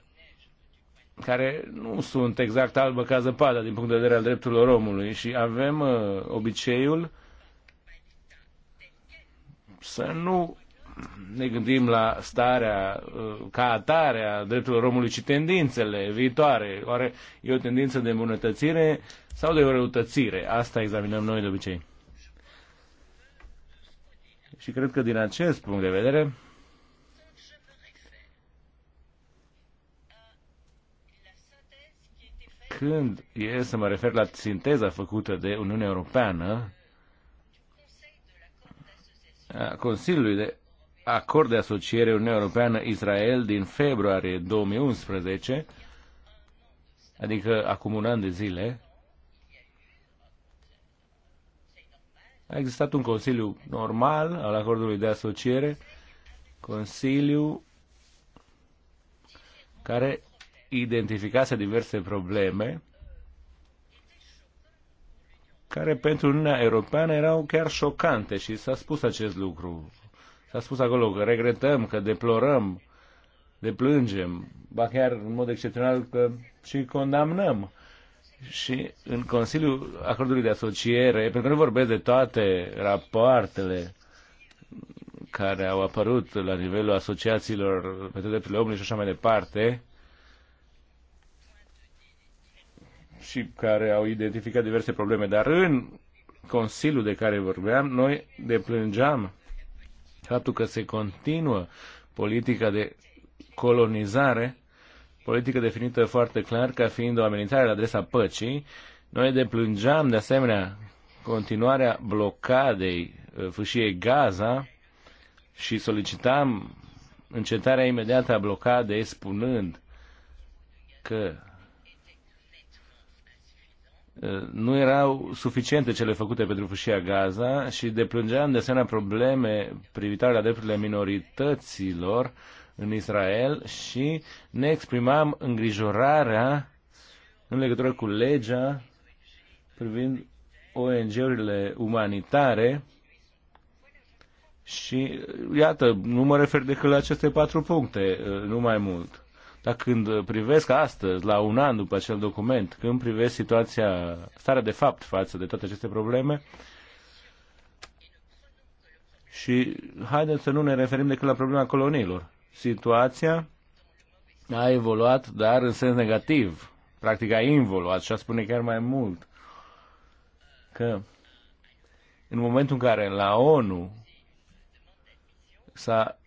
care nu sunt exact albă ca zăpada din punct de vedere al drepturilor omului și avem uh, obiceiul să nu ne gândim la starea uh, ca atare a drepturilor omului, ci tendințele viitoare. Oare e o tendință de îmbunătățire sau de o răutățire? Asta examinăm noi de obicei. Și cred că din acest punct de vedere, Când e să mă refer la sinteza făcută de Uniunea Europeană a Consiliului de Acord de Asociere Uniunea Europeană-Israel din februarie 2011, adică acum un an de zile, a existat un Consiliu normal al acordului de asociere, Consiliu care identificase diverse probleme care pentru Uniunea Europeană erau chiar șocante și s-a spus acest lucru. S-a spus acolo că regretăm, că deplorăm, deplângem, ba chiar în mod excepțional că și condamnăm. Și în Consiliul Acordului de Asociere, pentru că nu vorbesc de toate rapoartele care au apărut la nivelul asociațiilor pentru drepturile omului și așa mai departe, și care au identificat diverse probleme, dar în Consiliul de care vorbeam, noi deplângeam faptul că se continuă politica de colonizare, politică definită foarte clar ca fiind o amenințare la adresa păcii. Noi deplângeam de asemenea continuarea blocadei uh, fâșiei Gaza și solicitam încetarea imediată a blocadei spunând că nu erau suficiente cele făcute pentru fâșia Gaza și deplângeam de asemenea probleme privitoare la drepturile minorităților în Israel și ne exprimam îngrijorarea în legătură cu legea privind ONG-urile umanitare și iată, nu mă refer decât la aceste patru puncte, nu mai mult. Dar când privesc astăzi, la un an după acel document, când privesc situația, starea de fapt față de toate aceste probleme, și haideți să nu ne referim decât la problema coloniilor. Situația a evoluat, dar în sens negativ. Practic a involuat și a spune chiar mai mult că în momentul în care la ONU s-a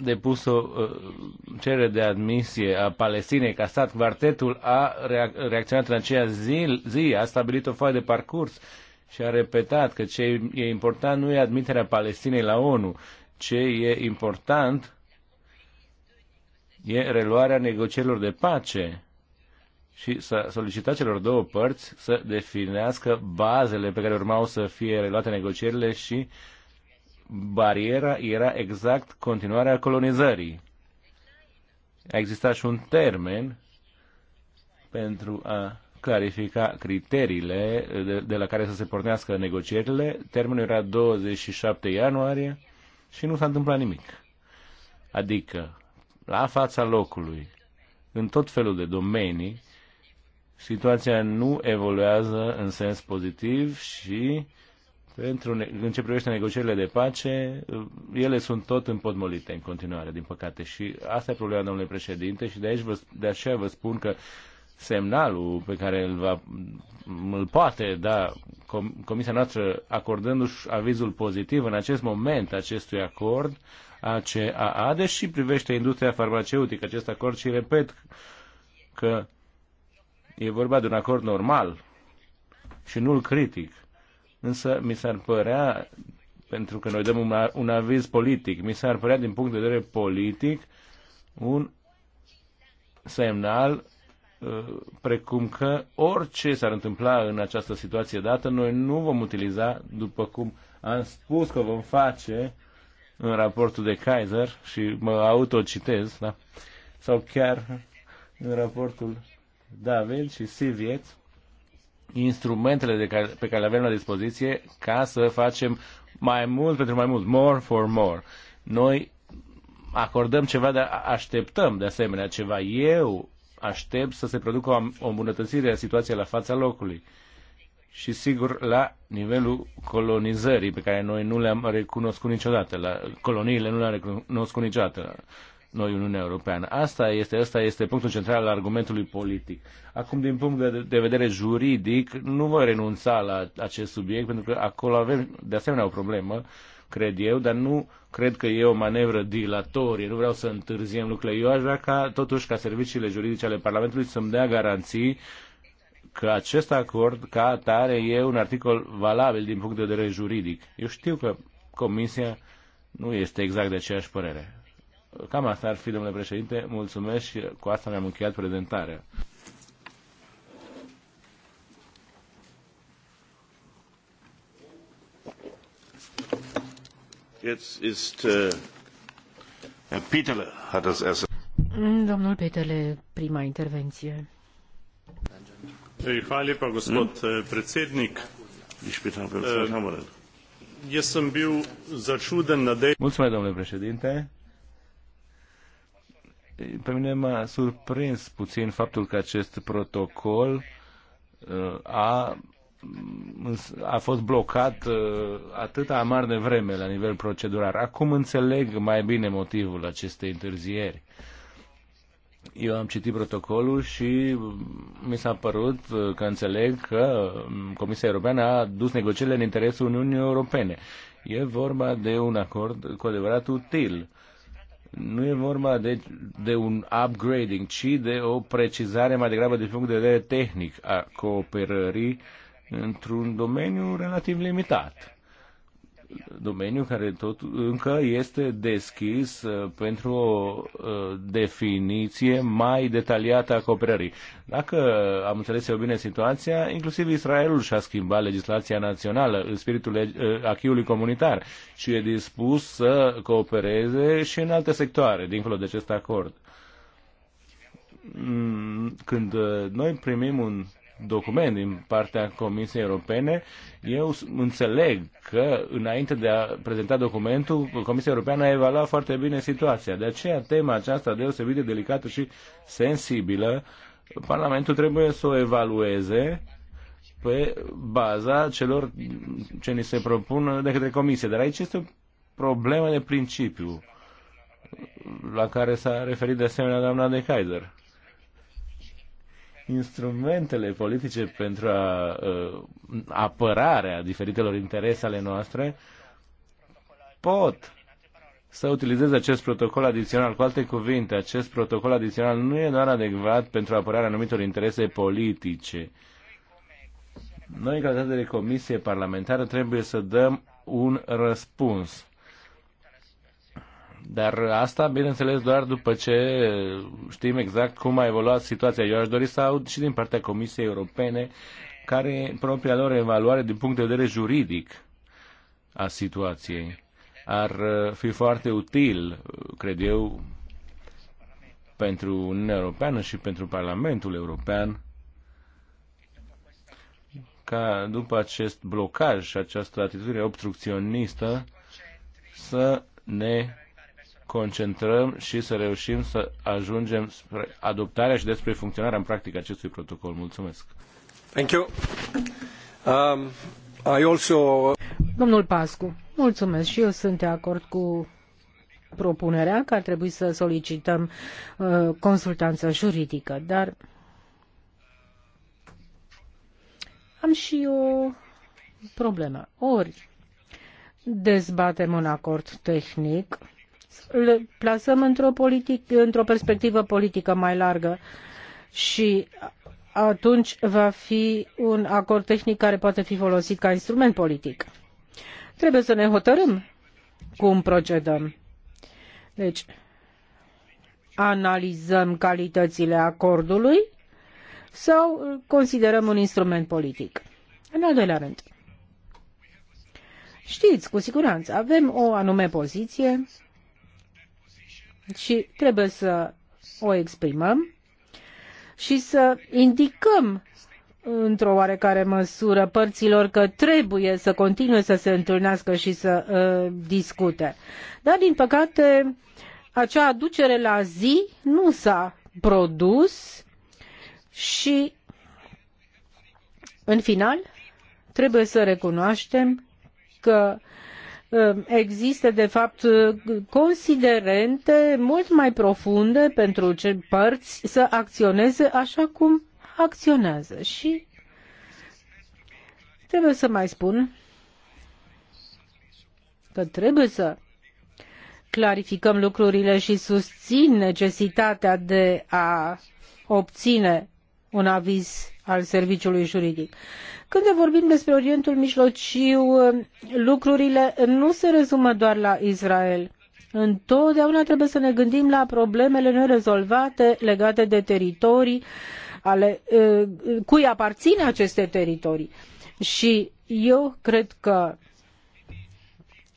depus o uh, cerere de admisie a Palestinei ca stat. Quartetul a reac- reacționat în aceea zi, zi, a stabilit o foaie de parcurs și a repetat că ce e important nu e admiterea Palestinei la ONU, ce e important e reluarea negocierilor de pace și să solicita celor două părți să definească bazele pe care urmau să fie reluate negocierile și uh, bariera era exact continuarea colonizării. A existat și un termen pentru a clarifica criteriile de, de la care să se pornească negocierile. Termenul era 27 ianuarie și nu s-a întâmplat nimic. Adică, la fața locului, în tot felul de domenii, situația nu evoluează în sens pozitiv și uh, pentru, în ce privește negocierile de pace, ele sunt tot împodmolite în continuare, din păcate. Și asta e problema, domnule președinte, și de, aici vă, de aceea vă spun că semnalul pe care îl, va, îl poate da com, Comisia noastră acordându-și avizul pozitiv în acest moment acestui acord ACAA, deși privește industria farmaceutică acest acord și repet că e vorba de un acord normal și nu-l critic Însă mi s-ar părea, pentru că noi dăm un, un aviz politic, mi s-ar părea din punct de vedere politic un semnal uh, precum că orice s-ar întâmpla în această situație dată, noi nu vom utiliza, după cum am spus că vom face în raportul de Kaiser și mă autocitez, da? sau chiar în raportul David și Siviet, instrumentele de care, pe care le avem la dispoziție ca să facem mai mult pentru mai mult, more for more. Noi acordăm ceva, dar așteptăm de asemenea ceva. Eu aștept să se producă o, o îmbunătățire a situației la fața locului și sigur la nivelul colonizării pe care noi nu le-am recunoscut niciodată, la coloniile nu le-am recunoscut niciodată noi Uniunea Europeană. Asta este, asta este punctul central al argumentului politic. Acum, din punct de, de vedere juridic, nu voi renunța la acest subiect, pentru că acolo avem de asemenea o problemă, cred eu, dar nu cred că e o manevră dilatorie, nu vreau să întârziem lucrurile. Eu aș vrea ca, totuși, ca serviciile juridice ale Parlamentului să-mi dea garanții că acest acord, ca atare, e un articol valabil din punct de vedere juridic. Eu știu că Comisia nu este exact de aceeași părere. Cam asta ar fi, domnule președinte. Mulțumesc și cu asta mi-am încheiat prezentarea. Äh, Domnul Petele, prima intervenție. Hvala lepa, gospod hmm? predsednik. Eh, začuden na dej... Mulțumesc, domnule președinte. Pe mine m-a surprins puțin faptul că acest protocol uh, a, a fost blocat uh, atât amar de vreme la nivel procedural. Acum înțeleg mai bine motivul acestei întârzieri. Eu am citit protocolul și mi s-a părut uh, că înțeleg că um, Comisia Europeană a dus negocierile în interesul Uniunii Europene. E vorba de un acord cu adevărat util nu e vorba de, de un upgrading, ci de o precizare mai degrabă de punct de vedere tehnic a cooperării într-un domeniu relativ limitat domeniu care tot încă este deschis uh, pentru o uh, definiție mai detaliată a cooperării. Dacă am înțeles eu bine situația, inclusiv Israelul și-a schimbat legislația națională în spiritul uh, achiului comunitar și e dispus să coopereze și în alte sectoare, dincolo de acest acord. Mm, când noi primim un document din partea Comisiei Europene. Eu înțeleg că înainte de a prezenta documentul, Comisia Europeană a evaluat foarte bine situația. De aceea tema aceasta deosebit de delicată și sensibilă, Parlamentul trebuie să o evalueze pe baza celor ce ni se propun de către Comisie. Dar aici este o problemă de principiu la care s-a referit de asemenea doamna de Kaiser instrumentele politice pentru a, uh, apărarea diferitelor interese ale noastre pot să utilizeze acest protocol adițional. Cu alte cuvinte, acest protocol adițional nu e doar adecvat pentru apărarea anumitor interese politice. Noi, în de comisie parlamentară, trebuie să dăm un răspuns dar asta, bineînțeles, doar după ce știm exact cum a evoluat situația. Eu aș dori să aud și din partea Comisiei Europene care e propria lor evaluare din punct de vedere juridic a situației. Ar uh, fi foarte util, uh, cred eu, pentru Uniunea Europeană și pentru Parlamentul European ca după acest blocaj și această atitudine obstrucționistă să ne concentrăm și să reușim să ajungem spre adoptarea și despre funcționarea în practică acestui protocol. Mulțumesc! Thank you. Um, I also... Domnul Pascu, mulțumesc și eu sunt de acord cu propunerea că ar trebui să solicităm uh, consultanță juridică, dar am și o problemă. Ori dezbatem un acord tehnic îl plasăm într-o, într perspectivă politică mai largă și atunci va fi un acord tehnic care poate fi folosit ca instrument politic. Trebuie să ne hotărâm cum procedăm. Deci, analizăm calitățile acordului sau considerăm un instrument politic. În al doilea rând, știți, cu siguranță, avem o anume poziție și trebuie să o exprimăm și să indicăm într-o oarecare măsură părților că trebuie să continue să se întâlnească și să uh, discute. Dar, din păcate, acea aducere la zi nu s-a produs și, în final, trebuie să recunoaștem că uh, Ehm, există de fapt eh, considerente mult mai profunde pentru ce părți să acționeze așa cum acționează și trebuie să mai spun că trebuie să clarificăm lucrurile și susțin necesitatea de a obține un aviz al serviciului juridic. Când vorbim despre Orientul Mijlociu, lucrurile nu se rezumă doar la Israel. Întotdeauna trebuie să ne gândim la problemele nerezolvate legate de teritorii, ale, cui aparține aceste teritorii. Și eu cred că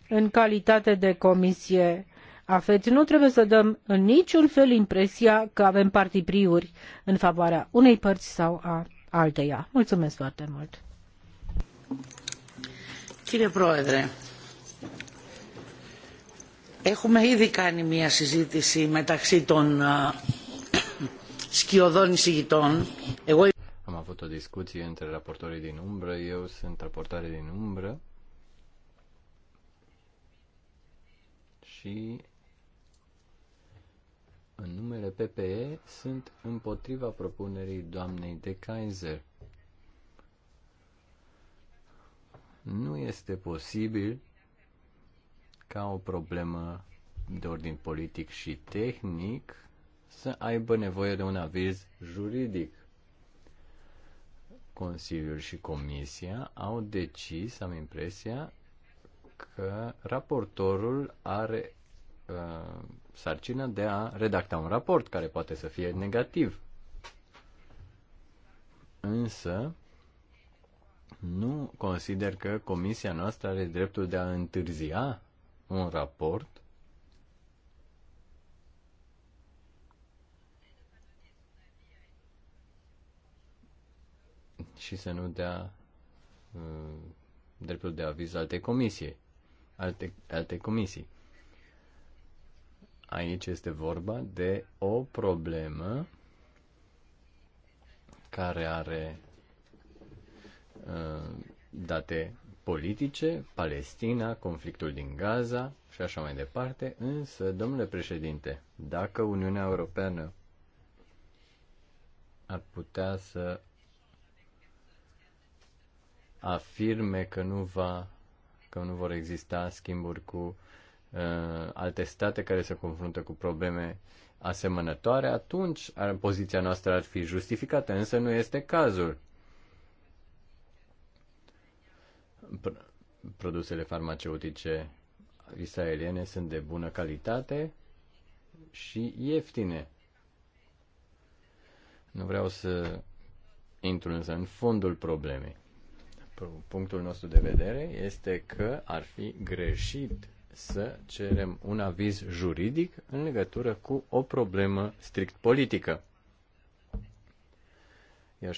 în calitate de comisie AFET nu trebuie să dăm în niciun fel impresia că avem partipriuri în favoarea unei părți sau a alteia. Mulțumesc foarte mult! Κύριε Πρόεδρε, έχουμε ήδη κάνει μία συζήτηση μεταξύ των σκιωδών εισηγητών. Εγώ... Am avut o discuție între raportorii din umbră, eu sunt raportare din umbră și în numele PPE sunt împotriva propunerii doamnei de Kaiser. Nu este posibil ca o problemă de ordin politic și tehnic să aibă nevoie de un aviz juridic. Consiliul și Comisia au decis, am impresia, că raportorul are uh, sarcina de a redacta un raport care poate să fie negativ. Însă, nu consider că comisia noastră are dreptul de a întârzia un raport și să nu dea uh, dreptul de aviz alte comisii. Alte, alte comisii. Aici este vorba de o problemă care are uh, date politice, Palestina, conflictul din Gaza și așa mai departe, însă, domnule președinte, dacă Uniunea Europeană ar putea să afirme că nu va că nu vor exista schimburi cu Uh, alte state care se confruntă cu probleme asemănătoare, atunci poziția noastră ar fi justificată, însă nu este cazul. Produsele farmaceutice israeliene sunt de bună calitate și ieftine. Nu vreau să intru însă în fondul problemei. Punctul nostru de vedere este că ar fi greșit să cerem un aviz juridic în legătură cu o problemă strict politică. Iar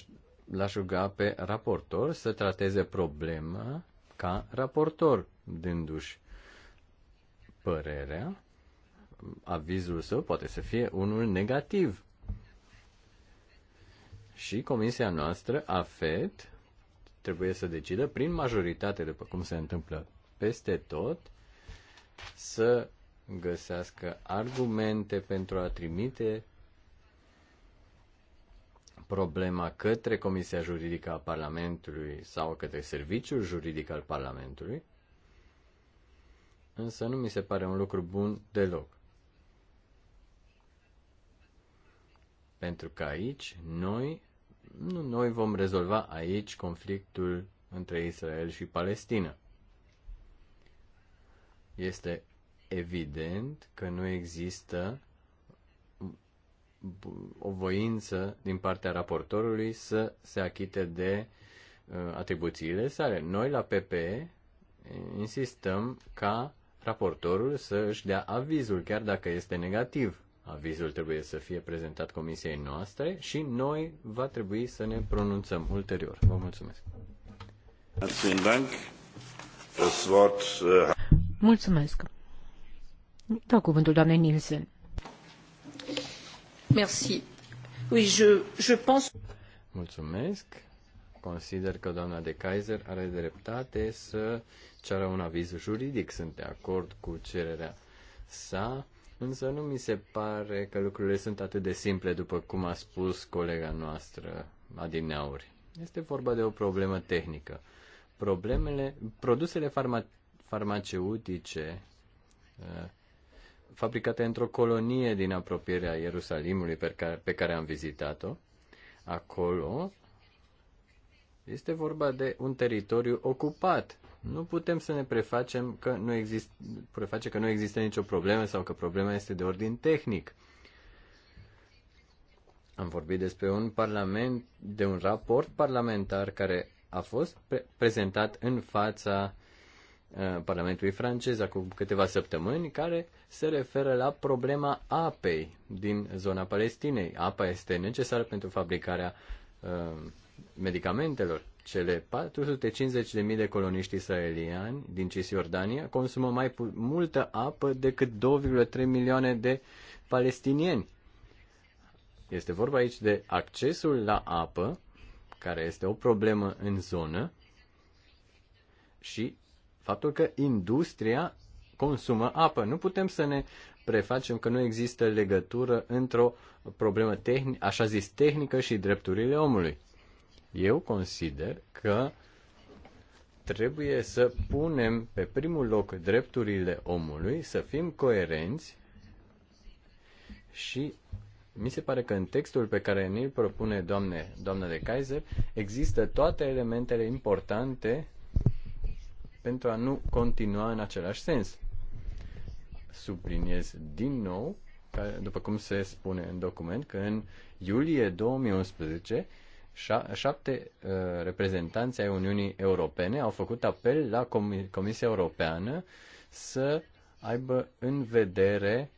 l-aș ruga pe raportor să trateze problema ca raportor, dându-și părerea, avizul său poate să fie unul negativ. Și comisia noastră, AFET, trebuie să decidă prin majoritate, după cum se întâmplă peste tot, să găsească argumente pentru a trimite problema către Comisia Juridică a Parlamentului sau către Serviciul Juridic al Parlamentului, însă nu mi se pare un lucru bun deloc. Pentru că aici noi, nu noi vom rezolva aici conflictul între Israel și Palestina. Este evident că nu există o voință din partea raportorului să se achite de uh, atribuțiile sale. Noi la PPE insistăm ca raportorul să își dea avizul, chiar dacă este negativ. Avizul trebuie să fie prezentat comisiei noastre și noi va trebui să ne pronunțăm ulterior. Vă mulțumesc. Herzlichen Dank. Das Wort äh, Mulțumesc. Da cuvântul doamnei Nielsen. Merci. Oui, je, je pense... Mulțumesc. Consider că doamna de Kaiser are dreptate să ceară un aviz juridic. Sunt de acord cu cererea sa, însă nu mi se pare că lucrurile sunt atât de simple, după cum a spus colega noastră, Adineauri. Este vorba de o problemă tehnică. Problemele, produsele farmaceutice farmaceutice uh, fabricate într-o colonie din apropierea Ierusalimului pe care, pe care am vizitat-o. Acolo este vorba de un teritoriu ocupat. Nu putem să ne prefacem că nu exist, preface că nu există nicio problemă sau că problema este de ordin tehnic. Am vorbit despre un parlament, de un raport parlamentar care a fost pre- prezentat în fața Uh, Parlamentului francez acum câteva săptămâni, care se referă la problema apei din zona Palestinei. Apa este necesară pentru fabricarea uh, medicamentelor. Cele 450.000 de coloniști israeliani din Cisjordania consumă mai multă apă decât 2,3 milioane de palestinieni. Este vorba aici de accesul la apă, care este o problemă în zonă, și faptul că industria consumă apă. Nu putem să ne prefacem că nu există legătură într-o problemă tehnică, așa zis tehnică și drepturile omului. Eu consider că trebuie să punem pe primul loc drepturile omului, să fim coerenți și mi se pare că în textul pe care ne-l propune doamne, doamna de Kaiser există toate elementele importante pentru a nu continua în același sens. Subliniez din nou, după cum se spune în document, că în iulie 2011 șapte uh, reprezentanți ai Uniunii Europene au făcut apel la Com- Comisia Europeană să aibă în vedere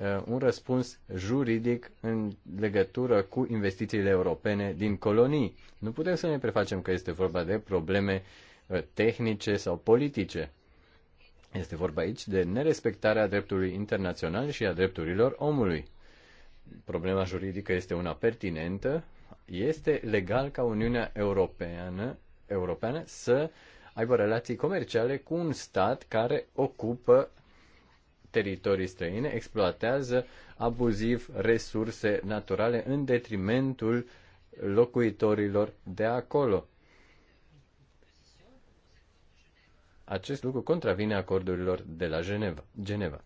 uh, un răspuns juridic în legătură cu investițiile europene din colonii. Nu putem să ne prefacem că este vorba de probleme Uh, tehnice sau politice. Este vorba aici de nerespectarea dreptului internațional și a drepturilor omului. Problema juridică este una pertinentă. Este legal ca Uniunea Europeană, Europeană să aibă relații comerciale cu un stat care ocupă teritorii străine, exploatează abuziv resurse naturale în detrimentul locuitorilor de acolo. Acest lucru contravine acordurilor de la Geneva. Geneva.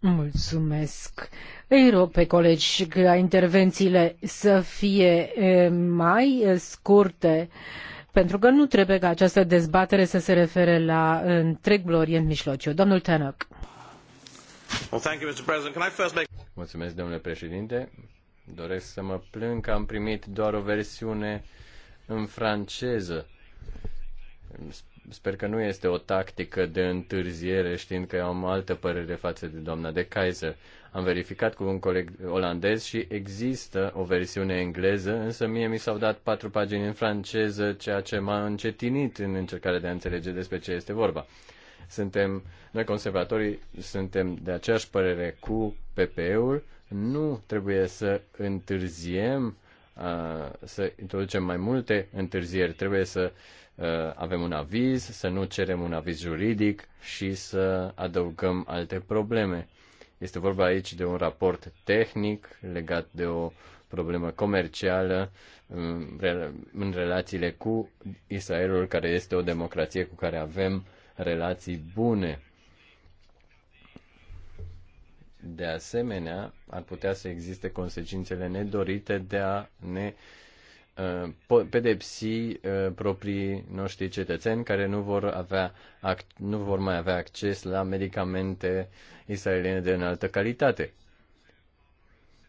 Mulțumesc. Îi rog pe colegi ca intervențiile să fie mai scurte, pentru că nu trebuie ca această dezbatere să se refere la întregul Orient Mijlociu. Domnul Tanăc. Mulțumesc, domnule președinte. Doresc să mă plâng că am primit doar o versiune uh, în franceză. Sper că nu este o tactică de întârziere, știind că am altă părere față de doamna de Kaiser. Am verificat cu un coleg olandez și există o versiune engleză, însă mie mi s-au dat patru pagini în franceză, ceea ce m-a încetinit în încercarea de a înțelege despre ce este vorba. Suntem, noi conservatorii suntem de aceeași părere cu PPE-ul, nu trebuie să întârziem să introducem mai multe întârzieri. Trebuie să avem un aviz, să nu cerem un aviz juridic și să adăugăm alte probleme. Este vorba aici de un raport tehnic legat de o problemă comercială um, în relațiile cu Israelul, care este o democrație cu care avem relații bune. De asemenea, ar putea să existe consecințele nedorite de a ne uh, pedepsi uh, proprii noștri cetățeni care nu vor, avea, nu vor mai avea acces la medicamente israeliene de înaltă calitate.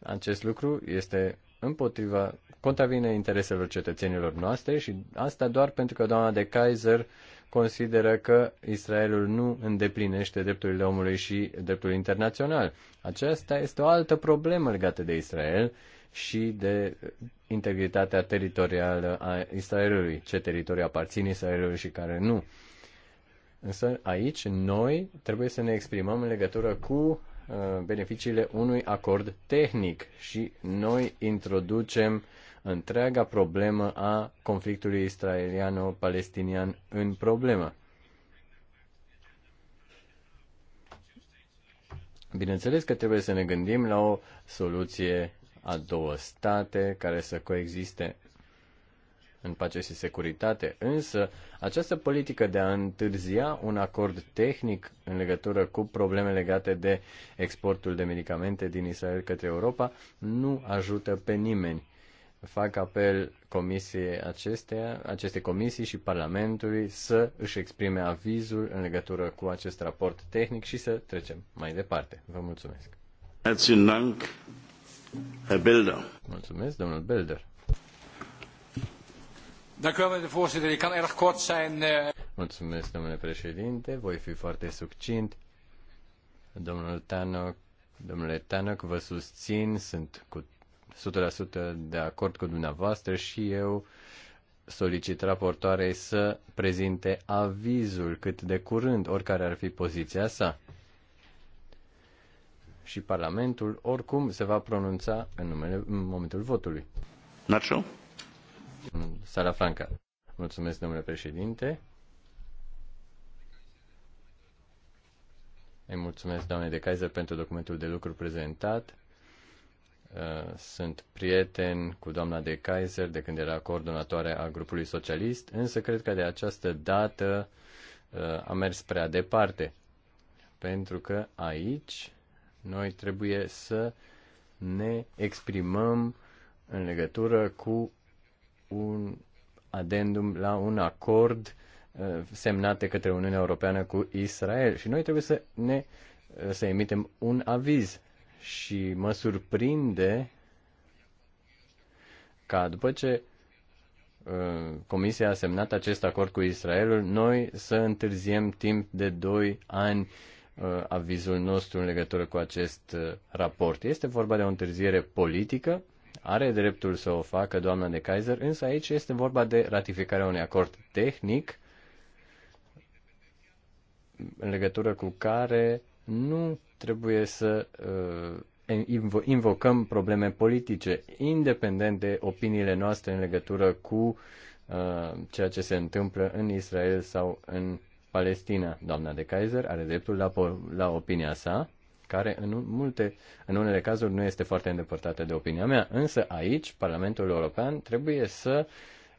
Acest lucru este împotriva, contravine intereselor cetățenilor noastre și asta doar pentru că doamna de Kaiser uh, consideră că Israelul nu îndeplinește drepturile omului și dreptul internațional. Aceasta este o altă problemă legată de Israel și de integritatea teritorială a Israelului, ce teritoriu aparțin Israelului și care nu. Însă aici noi trebuie să ne exprimăm în legătură cu uh, beneficiile unui acord tehnic și noi introducem uh, întreaga problemă a conflictului israeliano-palestinian în problemă. Bineînțeles că trebuie să ne gândim la o soluție a două state care să coexiste în pace și securitate, însă această politică de a întârzia un acord tehnic în legătură cu probleme legate de exportul de medicamente din Israel către Europa nu ajută pe nimeni fac apel comisiei acestea, aceste comisii și Parlamentului să își exprime avizul în legătură cu acest raport tehnic și să trecem mai departe. Vă mulțumesc. Mulțumesc, domnul Belder. Eh. Mulțumesc, domnule președinte. Voi fi foarte succint. Domnul Tanoc, domnule Tanoc, vă susțin, sunt cu 100% de acord cu dumneavoastră și eu solicit raportoarei să prezinte avizul cât de curând, oricare ar fi poziția sa. Și Parlamentul oricum se va pronunța în, numele, în momentul votului. Nacho? Sara Franca. Mulțumesc, domnule președinte. Îi mulțumesc, doamne de Kaiser, pentru documentul de lucru prezentat. Uh, sunt prieten cu doamna de Kaiser de când era coordonatoare a grupului socialist, însă cred că de această dată uh, a mers prea departe. Pentru că aici noi trebuie să ne exprimăm în legătură cu un adendum la un acord uh, semnate către Uniunea Europeană cu Israel și noi trebuie să ne să emitem un aviz și mă surprinde ca după ce uh, Comisia a semnat acest acord cu Israelul, noi să întârziem timp de 2 ani uh, avizul nostru în legătură cu acest uh, raport. Este vorba de o întârziere politică, are dreptul să o facă doamna de Kaiser, însă aici este vorba de ratificarea unui acord tehnic în legătură cu care nu trebuie să uh, invocăm probleme politice, independent de opiniile noastre în legătură cu uh, ceea ce se întâmplă în Israel sau în Palestina. Doamna de Kaiser are dreptul la, la opinia sa, care în, multe, în unele cazuri nu este foarte îndepărtată de opinia mea. Însă aici, Parlamentul European trebuie să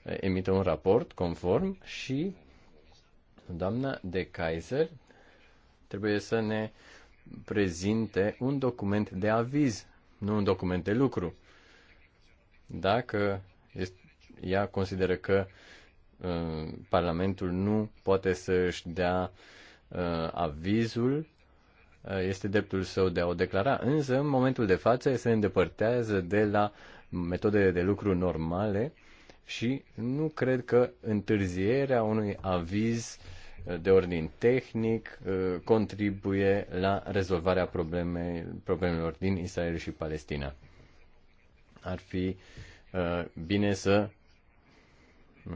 uh, emită un raport conform și doamna de Kaiser trebuie să ne prezinte un document de aviz, nu un document de lucru. Dacă ea consideră că uh, Parlamentul nu poate să-și dea uh, avizul, uh, este dreptul său de a o declara, însă în momentul de față se îndepărtează de la metodele de lucru normale și nu cred că întârzierea unui aviz uh, de ordin tehnic uh, contribuie la rezolvarea problemei, problemelor din Israel și Palestina. Ar fi uh, bine să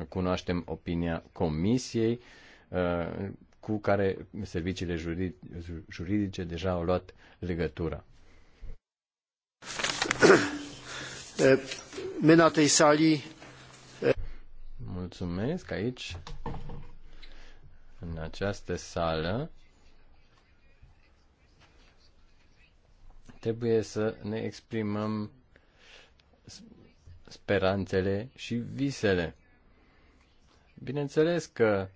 cunoaștem opinia Comisiei uh, cu care serviciile juridice deja au luat legătura. Menatei sali Mulțumesc aici în această sală, trebuie să ne exprimăm speranțele și visele. Bineînțeles că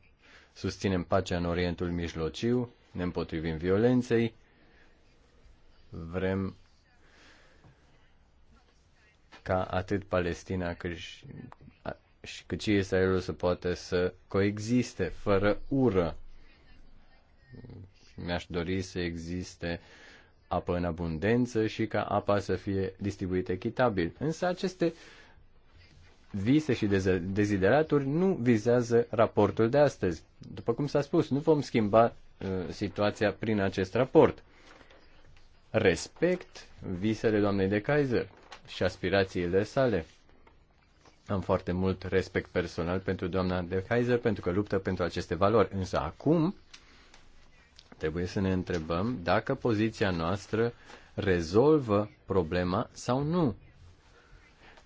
susținem pacea în Orientul Mijlociu, ne împotrivim violenței, vrem ca atât Palestina cât și, și cât și Israelul să poate să coexiste fără ură. Mi-aș dori să existe apă în abundență și ca apa să fie distribuită echitabil. Însă aceste vise și dezideraturi nu vizează raportul de astăzi. După cum s-a spus, nu vom schimba uh, situația prin acest raport. Respect visele doamnei de Kaiser și aspirațiile sale am foarte mult respect personal pentru doamna de Kaiser pentru că luptă pentru aceste valori. Însă acum trebuie să ne întrebăm dacă poziția noastră rezolvă problema sau nu.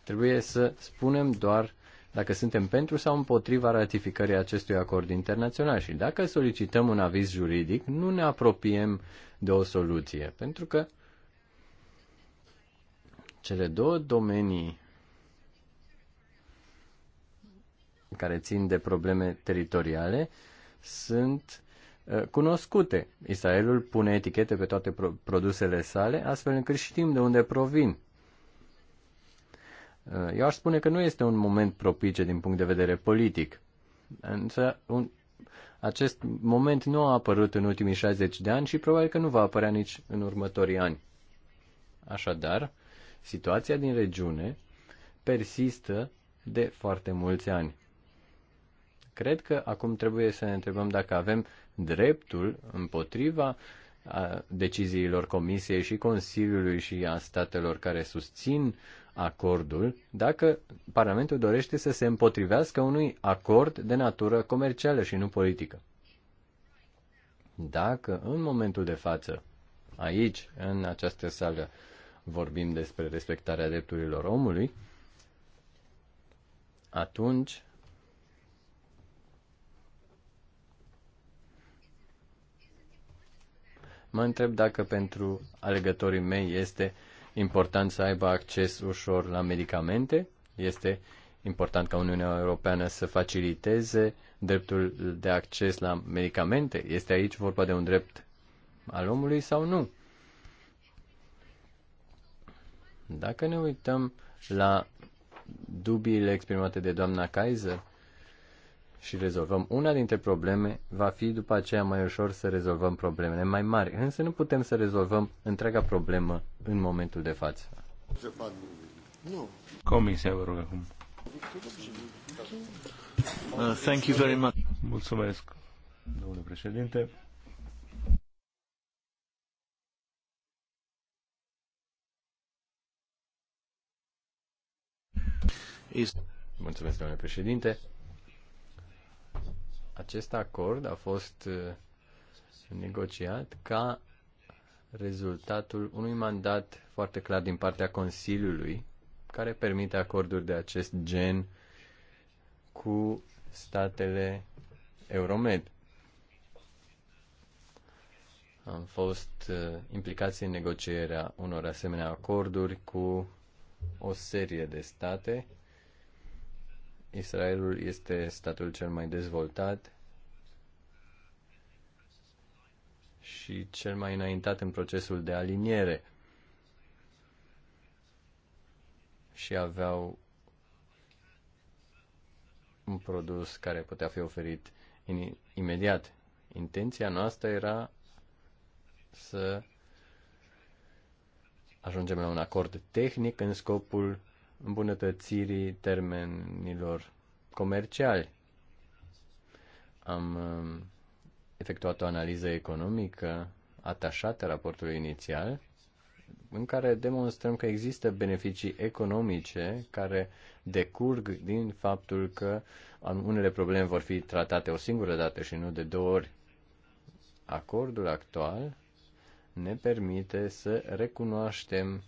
Trebuie să spunem doar dacă suntem pentru sau împotriva ratificării acestui acord internațional și dacă solicităm un aviz juridic, nu ne apropiem de o soluție, pentru că cele două domenii care țin de probleme teritoriale sunt uh, cunoscute. Israelul pune etichete pe toate produsele sale, astfel încât știm de unde provin. Uh, eu aș spune că nu este un moment propice din punct de vedere politic. Însă un, acest moment nu a apărut în ultimii 60 de ani și probabil că nu va apărea nici în următorii ani. Așadar, situația din regiune persistă de foarte mulți ani. Cred că acum trebuie să ne întrebăm dacă avem dreptul împotriva a deciziilor Comisiei și Consiliului și a statelor care susțin acordul, dacă Parlamentul dorește să se împotrivească unui acord de natură comercială și nu politică. Dacă în momentul de față, aici, în această sală, vorbim despre respectarea drepturilor omului, atunci Mă întreb dacă pentru alegătorii mei este important să aibă acces ușor la medicamente, este important ca Uniunea Europeană să faciliteze dreptul de acces la medicamente. Este aici vorba de un drept al omului sau nu? Dacă ne uităm la dubiile exprimate de doamna Kaiser, și rezolvăm una dintre probleme, va fi după aceea mai ușor să rezolvăm problemele mai mari. Însă nu putem să rezolvăm întreaga problemă în momentul de față. Comisia, vă rog acum. Uh, thank you very much. Mulțumesc, domnule președinte. Mulțumesc, domnule președinte acest acord a fost uh, negociat ca rezultatul unui mandat foarte clar din partea Consiliului care permite acorduri de acest gen cu statele Euromed. Am fost uh, implicați în negocierea unor asemenea acorduri cu o serie de state Israelul este statul cel mai dezvoltat și cel mai înaintat în procesul de aliniere. Și aveau un produs care putea fi oferit in, imediat. Intenția noastră era să ajungem la un acord tehnic în scopul îmbunătățirii termenilor comerciali. Am um, efectuat o analiză economică atașată raportului inițial, în care demonstrăm că există beneficii economice care decurg din faptul că unele probleme vor fi tratate o singură dată și nu de două ori. Acordul actual ne permite să recunoaștem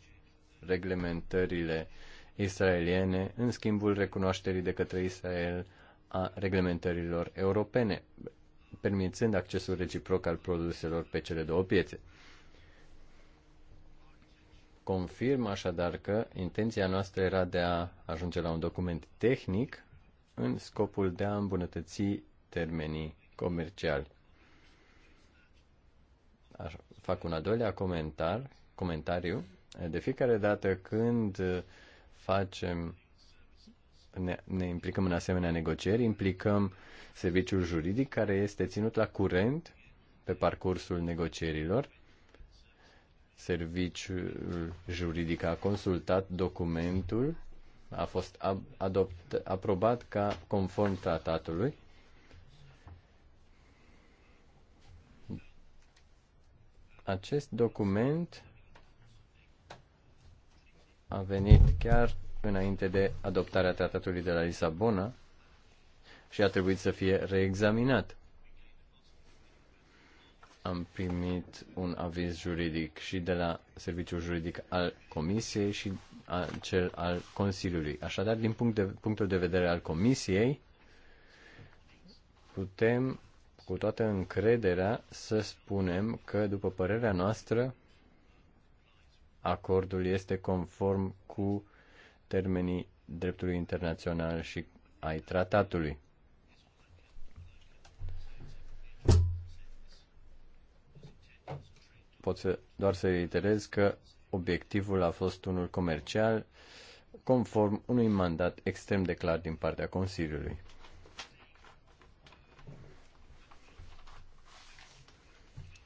reglementările uh, israeliene în schimbul recunoașterii de către Israel a reglementărilor europene, permițând accesul reciproc al produselor pe cele două piețe. Confirm așadar că intenția noastră era de a ajunge la un document tehnic în scopul de a îmbunătăți termenii comerciali. Aș fac un al doilea comentar, comentariu. De fiecare dată când facem, ne, ne implicăm în asemenea negocieri, implicăm serviciul juridic care este ținut la curent pe parcursul negocierilor. Serviciul juridic a consultat documentul, a fost adopt, aprobat ca conform tratatului. Acest document a venit chiar înainte de adoptarea tratatului de la Lisabona și a trebuit să fie reexaminat. Am primit un aviz juridic și de la Serviciul Juridic al Comisiei și al, cel al Consiliului. Așadar, din punct de, punctul de vedere al Comisiei, putem cu toată încrederea să spunem că, după părerea noastră, acordul este conform cu termenii dreptului internațional și ai tratatului. Pot să, doar să reiterez că obiectivul a fost unul comercial conform unui mandat extrem de clar din partea Consiliului.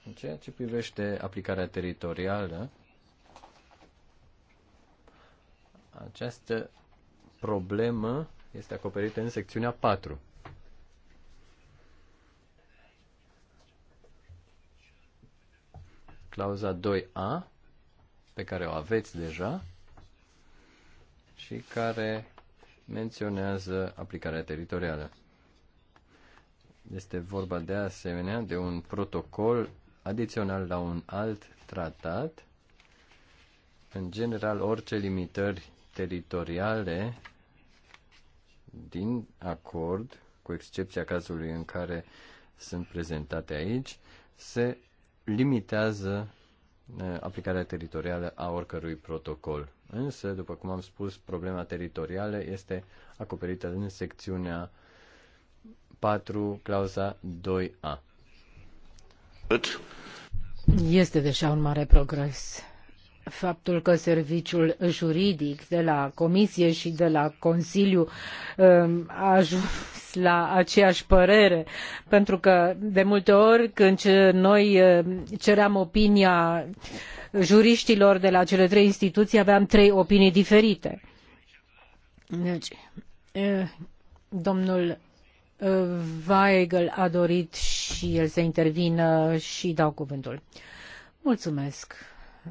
În ceea ce privește aplicarea teritorială, Această problemă este acoperită în secțiunea 4. Clauza 2a, pe care o aveți deja, și care menționează aplicarea teritorială. Este vorba de asemenea de un protocol adițional la un alt tratat. În general, orice limitări teritoriale din acord, cu excepția cazului în care sunt prezentate aici, se limitează uh, aplicarea teritorială a oricărui protocol. Însă, după cum am spus, problema teritorială este acoperită în secțiunea 4, clauza 2a. Este deja un mare progres faptul că serviciul juridic de la Comisie și de la Consiliu um, a ajuns la aceeași părere, pentru că de multe ori când noi um, ceream opinia juriștilor de la cele trei instituții, aveam trei opinii diferite. Deci, domnul Weigel a dorit și el să intervină și dau cuvântul. Mulțumesc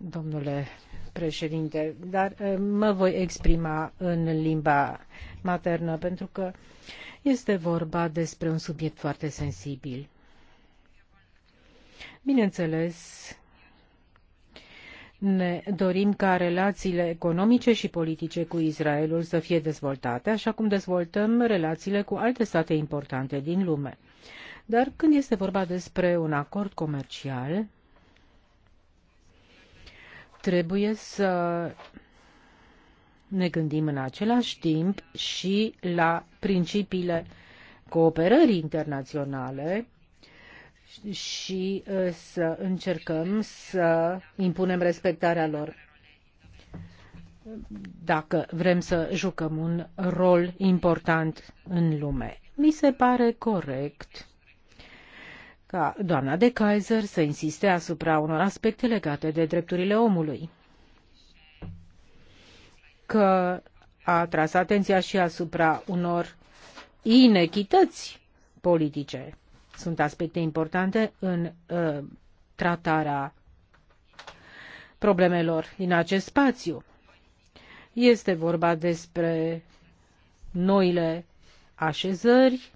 domnule președinte, dar eh, mă voi exprima în limba maternă pentru că este vorba despre un subiect foarte sensibil. Bineînțeles, ne dorim ca relațiile economice și politice cu Israelul să fie dezvoltate, așa cum dezvoltăm relațiile cu alte state importante din lume. Dar când este vorba despre un acord comercial, Trebuie să ne gândim în același timp și la principiile cooperării internaționale și uh, să încercăm să impunem respectarea lor dacă vrem să jucăm un rol important în lume. Mi se pare corect ca doamna de Kaiser să insiste asupra unor aspecte legate de drepturile omului, că a tras atenția și asupra unor inechități politice. Sunt aspecte importante în uh, tratarea problemelor din acest spațiu. Este vorba despre noile așezări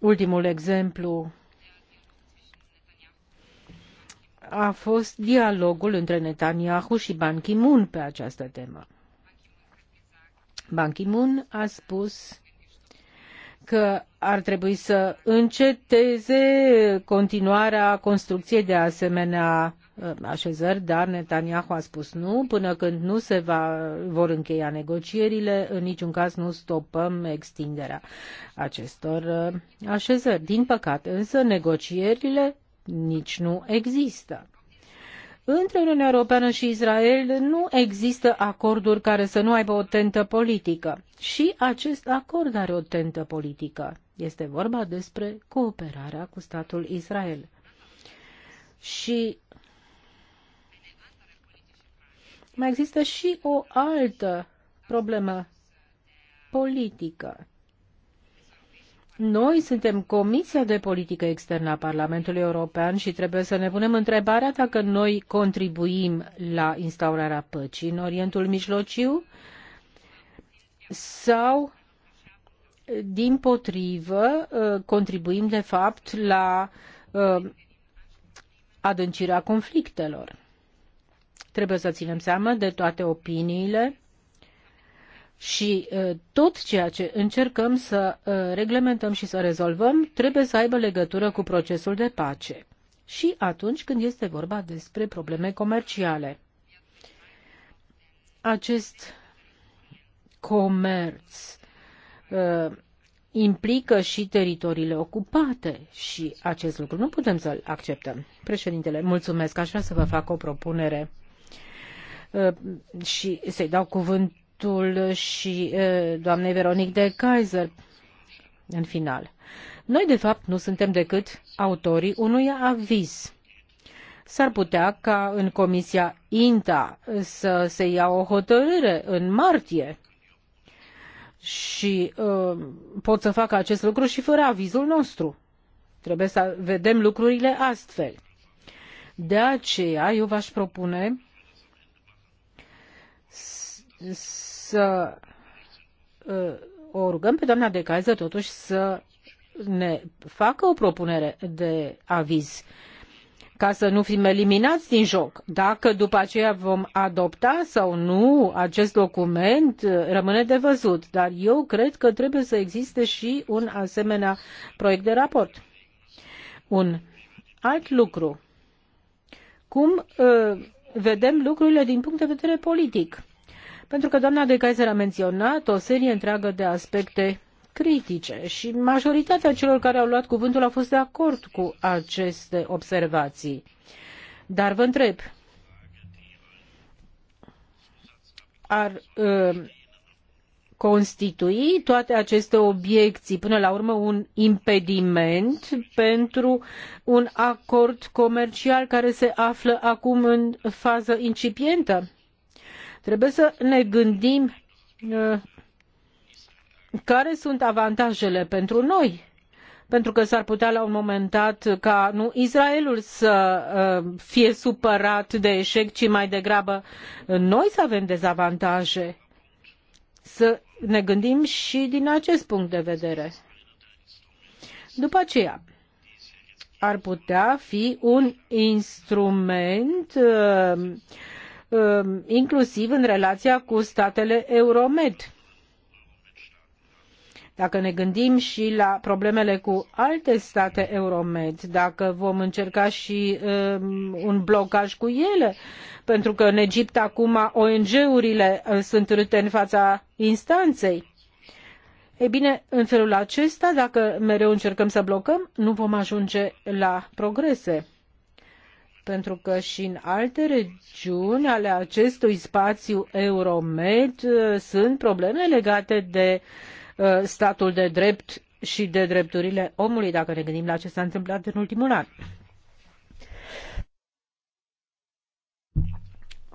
Ultimul exemplu a fost dialogul între Netanyahu și Ban Ki-moon pe această temă. Ban Ki-moon a spus că ar trebui să înceteze continuarea construcției de asemenea Uh, așezări, dar Netanyahu a spus nu, până când nu se va, vor încheia negocierile, în niciun caz nu stopăm extinderea acestor uh, așezări. Din păcate, însă, negocierile nici nu există. Între Uniunea Europeană și Israel nu există acorduri care să nu aibă o tentă politică. Și acest acord are o tentă politică. Este vorba despre cooperarea cu statul Israel. Și mai există și o altă problemă politică. Noi suntem Comisia de Politică Externă a Parlamentului European și trebuie să ne punem întrebarea dacă noi contribuim la instaurarea păcii în Orientul Mijlociu sau, din potrivă, contribuim de fapt la uh, adâncirea conflictelor. Trebuie să ținem seama de toate opiniile și uh, tot ceea ce încercăm să uh, reglementăm și să rezolvăm trebuie să aibă legătură cu procesul de pace și atunci când este vorba despre probleme comerciale. Acest comerț uh, implică și teritoriile ocupate și acest lucru nu putem să-l acceptăm. Președintele, mulțumesc, aș vrea să vă fac o propunere Uh, și să-i dau cuvântul și uh, doamnei Veronic de Kaiser în final. Noi, de fapt, nu suntem decât autorii unui aviz. S-ar putea ca în Comisia INTA să se ia o hotărâre în martie și uh, pot să facă acest lucru și fără avizul nostru. Trebuie să vedem lucrurile astfel. De aceea eu v-aș propune să ă, o rugăm pe doamna de Kaiser totuși să ne facă o propunere de aviz ca să nu fim eliminați din joc. Dacă după aceea vom adopta sau nu acest document, rămâne de văzut. Dar eu cred că trebuie să existe și un asemenea proiect de raport. Un alt lucru. Cum uh, vedem lucrurile din punct de vedere politic. Pentru că doamna de Kaiser a menționat o serie întreagă de aspecte critice și majoritatea celor care au luat cuvântul au fost de acord cu aceste observații. Dar vă întreb, ar uh, constitui toate aceste obiecții până la urmă un impediment pentru un acord comercial care se află acum în fază incipientă? Trebuie să ne gândim uh, care sunt avantajele pentru noi pentru că s ar putea la un moment dat ca nu Israelul să uh, fie supărat de eșec, ci mai degrabă noi să avem dezavantaje. Să ne gândim și din acest punct de vedere. După aceea, ar putea fi un instrument uh, uh, inclusiv în relația cu statele Euromed dacă ne gândim și la problemele cu alte state euromed, dacă vom încerca și um, un blocaj cu ele, pentru că în Egipt acum ONG-urile uh, sunt râte în fața instanței. E bine, în felul acesta, dacă mereu încercăm să blocăm, nu vom ajunge la progrese pentru că și în alte regiuni ale acestui spațiu Euromed uh, sunt probleme legate de Uh, statul de drept și de drepturile omului, dacă ne gândim la ce s-a întâmplat în ultimul an.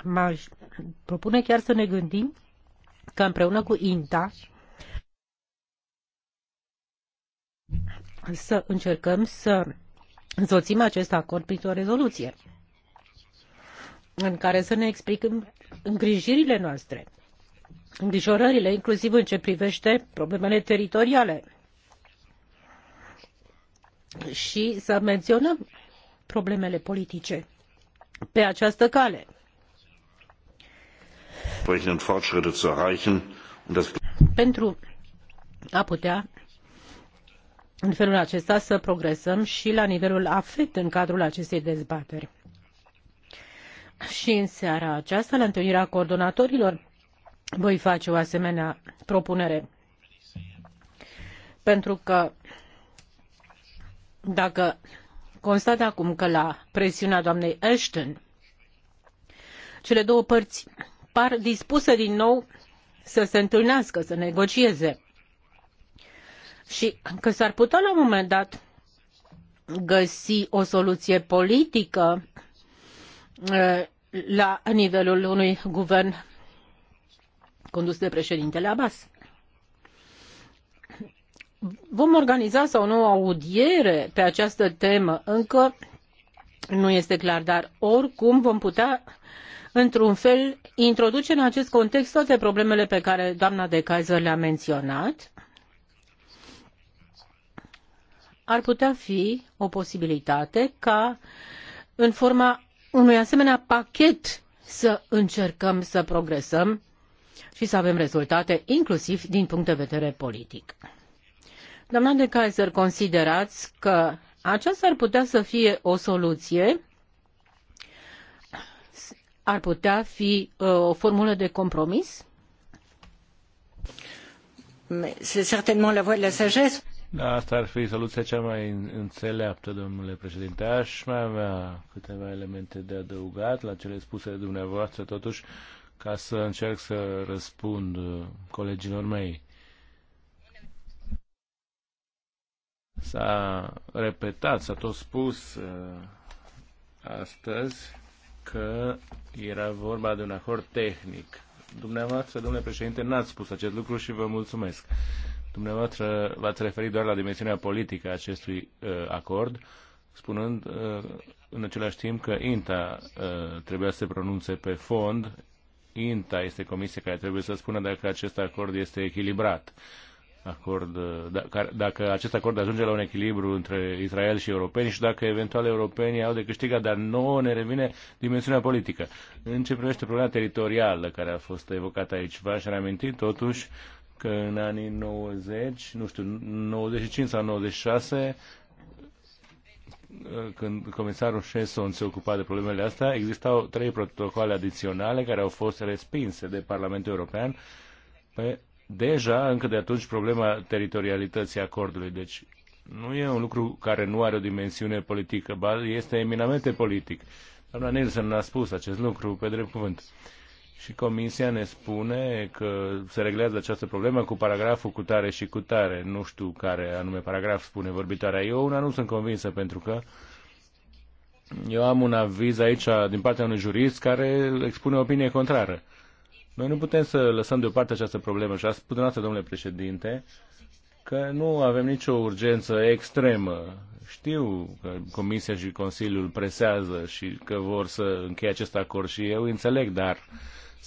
m propune chiar să ne gândim că împreună cu INTA să încercăm să însoțim acest acord printr-o rezoluție în care să ne explicăm îngrijirile noastre îngrijorările, inclusiv în ce privește problemele teritoriale. Și să menționăm problemele politice pe această cale. Pentru a putea în felul acesta să progresăm și la nivelul afect în cadrul acestei dezbateri. Și în seara aceasta, la întâlnirea coordonatorilor, voi face o asemenea propunere. Pentru că dacă constat acum că la presiunea doamnei Ashton cele două părți par dispuse din nou să se întâlnească, să negocieze și că s-ar putea la un moment dat găsi o soluție politică uh, la nivelul unui guvern condus de președintele Abbas. Vom organiza sau nu o audiere pe această temă, încă nu este clar, dar oricum vom putea într-un fel introduce în acest context toate problemele pe care doamna de Kaiser le-a menționat. Ar putea fi o posibilitate ca în forma unui asemenea pachet să încercăm să progresăm și să avem rezultate, inclusiv din punct de vedere politic. Doamna de Kaiser, considerați că aceasta ar putea să fie o soluție, ar putea fi uh, o formulă de compromis? la voie de la sagesse. Da, asta ar fi soluția cea mai înțeleaptă, domnule președinte. Aș mai avea câteva elemente de adăugat la cele spuse de dumneavoastră, totuși ca să încerc să răspund uh, colegilor mei. S-a repetat, s-a tot spus uh, astăzi că era vorba de un acord tehnic. Dumneavoastră, domnule președinte, n-ați spus acest lucru și vă mulțumesc. Dumneavoastră v-ați referit doar la dimensiunea politică a acestui uh, acord, spunând uh, în același timp că INTA uh, trebuia să se pronunțe pe fond, INTA este comisia care trebuie să spună dacă acest acord este echilibrat. Acord, uh, dacă, dacă acest acord ajunge la un echilibru între Israel și europeni și dacă eventual europenii au de câștigat, dar nouă ne revine dimensiunea politică. În ce privește problema teritorială care a fost evocată aici, v-aș reaminti totuși că în anii 90, nu știu, 95 sau 96, Uh, când comisarul Chesson se ocupa de problemele astea, existau trei protocoale adiționale care au fost respinse de Parlamentul European pe deja, încă de atunci, problema teritorialității acordului. Deci nu e un lucru care nu are o dimensiune politică, ba este eminamente politic. Doamna Nielsen a spus acest lucru pe drept cuvânt. Uh, și Comisia ne spune că se reglează această problemă cu paragraful cu tare și cu tare. Nu știu care anume paragraf spune vorbitoarea. Eu una nu sunt convinsă pentru că eu am un aviz aici din partea unui jurist care expune o opinie contrară. Noi nu putem să lăsăm deoparte această problemă și a spus dumneavoastră, domnule președinte, că nu avem nicio urgență extremă. Știu că Comisia și Consiliul presează și că vor să încheie acest acord și eu înțeleg, dar uh,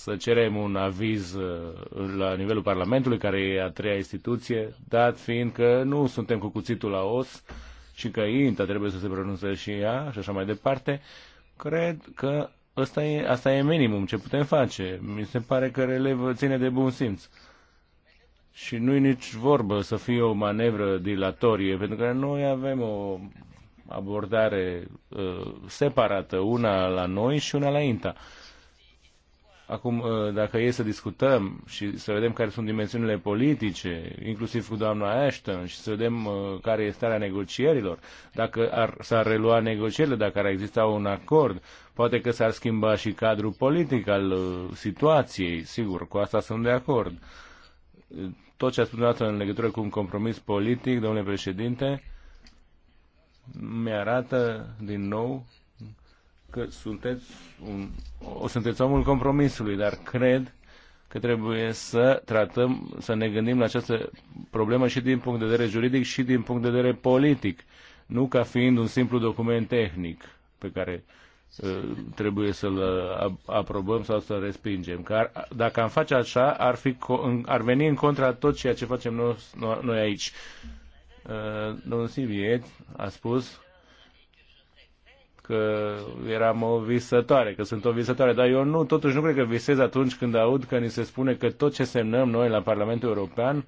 să cerem un aviz uh, la nivelul Parlamentului, care e a treia instituție, dat fiind că nu suntem cu cuțitul la os și că INTA trebuie să se pronunțe și ea și așa mai departe, cred că asta e, asta e minimum ce putem face. Mi se pare că relevă ține de bun simț. Și nu e nici vorbă să fie o manevră dilatorie, pentru că noi avem o abordare uh, separată, una la noi și una la INTA. Uh, Acum, uh, dacă e să discutăm și să vedem care sunt dimensiunile politice, inclusiv cu doamna Ashton, și să vedem uh, care este starea negocierilor, dacă ar, s-ar relua negocierile, dacă ar exista un acord, poate că s-ar schimba și cadrul politic al uh, situației, sigur, cu asta sunt de acord. Tot ce a spus dumneavoastră în legătură cu un compromis politic, domnule președinte, mi arată din nou că sunteți un, o sunteți omul compromisului, dar cred că trebuie să tratăm, să ne gândim la această problemă și din punct de vedere juridic și din punct de vedere politic, nu ca fiind un simplu document tehnic pe care uh, trebuie să-l uh, aprobăm sau să-l respingem. Că ar, dacă am face așa, ar, fi, ar veni în contra tot ceea ce facem noi, noi aici. Uh, domnul Sivie a spus că eram o visătoare, că sunt o visătoare, dar eu nu, totuși nu cred că visez atunci când aud că ni se spune că tot ce semnăm noi la Parlamentul European,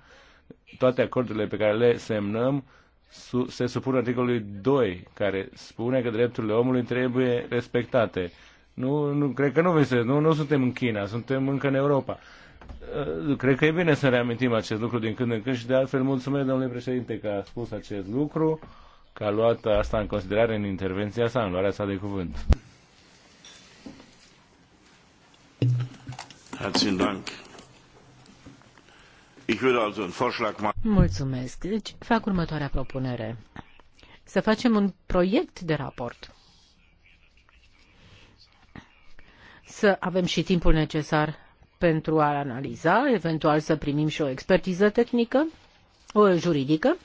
toate acordurile pe care le semnăm, su- se supun articolului 2, care spune că drepturile omului trebuie respectate. Nu, nu cred că nu visez, nu, nu suntem în China, suntem încă în Europa. Uh, cred că e bine să reamintim acest lucru din când în când și de altfel mulțumesc, domnule președinte, că a spus acest lucru că a luat asta în considerare în intervenția sa, în luarea sa de cuvânt. Mulțumesc. Deci fac următoarea propunere. Să facem un proiect de raport. Să avem și timpul necesar pentru a analiza, eventual să primim și o expertiză tehnică, o juridică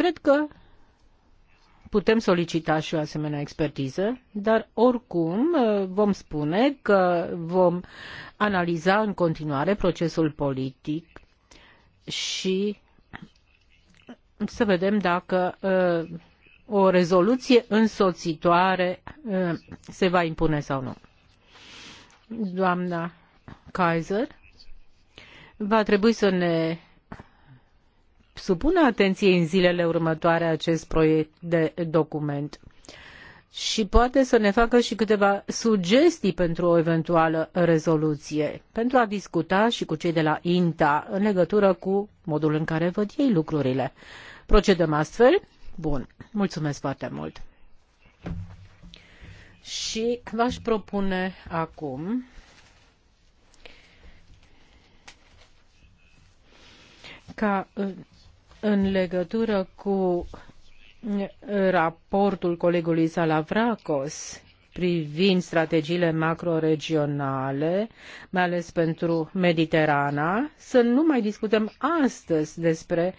Cred că putem solicita și o asemenea expertiză, dar oricum uh, vom spune că vom analiza în continuare procesul politic și să vedem dacă uh, o rezoluție însoțitoare uh, se va impune sau nu. Doamna Kaiser, va trebui să ne supune atenției în zilele următoare acest proiect de document și poate să ne facă și câteva sugestii pentru o eventuală rezoluție, pentru a discuta și cu cei de la INTA în legătură cu modul în care văd ei lucrurile. Procedăm astfel? Bun. Mulțumesc foarte mult. Și v-aș propune acum ca uh, în legătură cu eh, raportul colegului Salavracos privind strategiile macroregionale, mai ales pentru Mediterana, să nu mai discutăm astăzi despre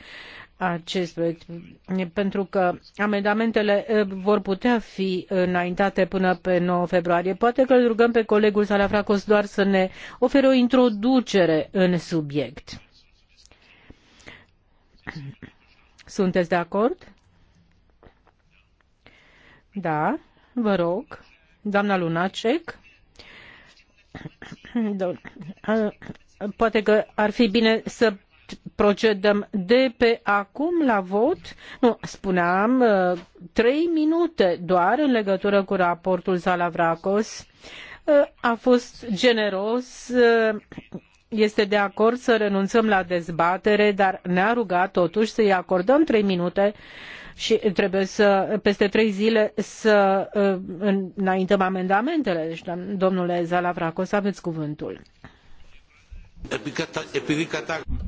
acest proiect, pentru că amendamentele eh, vor putea fi înaintate până pe 9 februarie. Poate că îl rugăm pe colegul Salafracos doar să ne ofere o introducere în subiect. *clears throat* Sunteți de acord? Da, vă rog, doamna Lunacek. *clears throat* *clears throat* Poate că ar fi bine să procedăm de pe acum la vot. Nu, spuneam uh, trei minute doar în legătură cu raportul Salavracos. Uh, a fost generos uh, este de acord să renunțăm la dezbatere, dar ne-a rugat totuși să îi acordăm trei minute și trebuie să, peste trei zile, să uh, înaintăm amendamentele. Deci, domnule Zalafracos, avei cuvântul.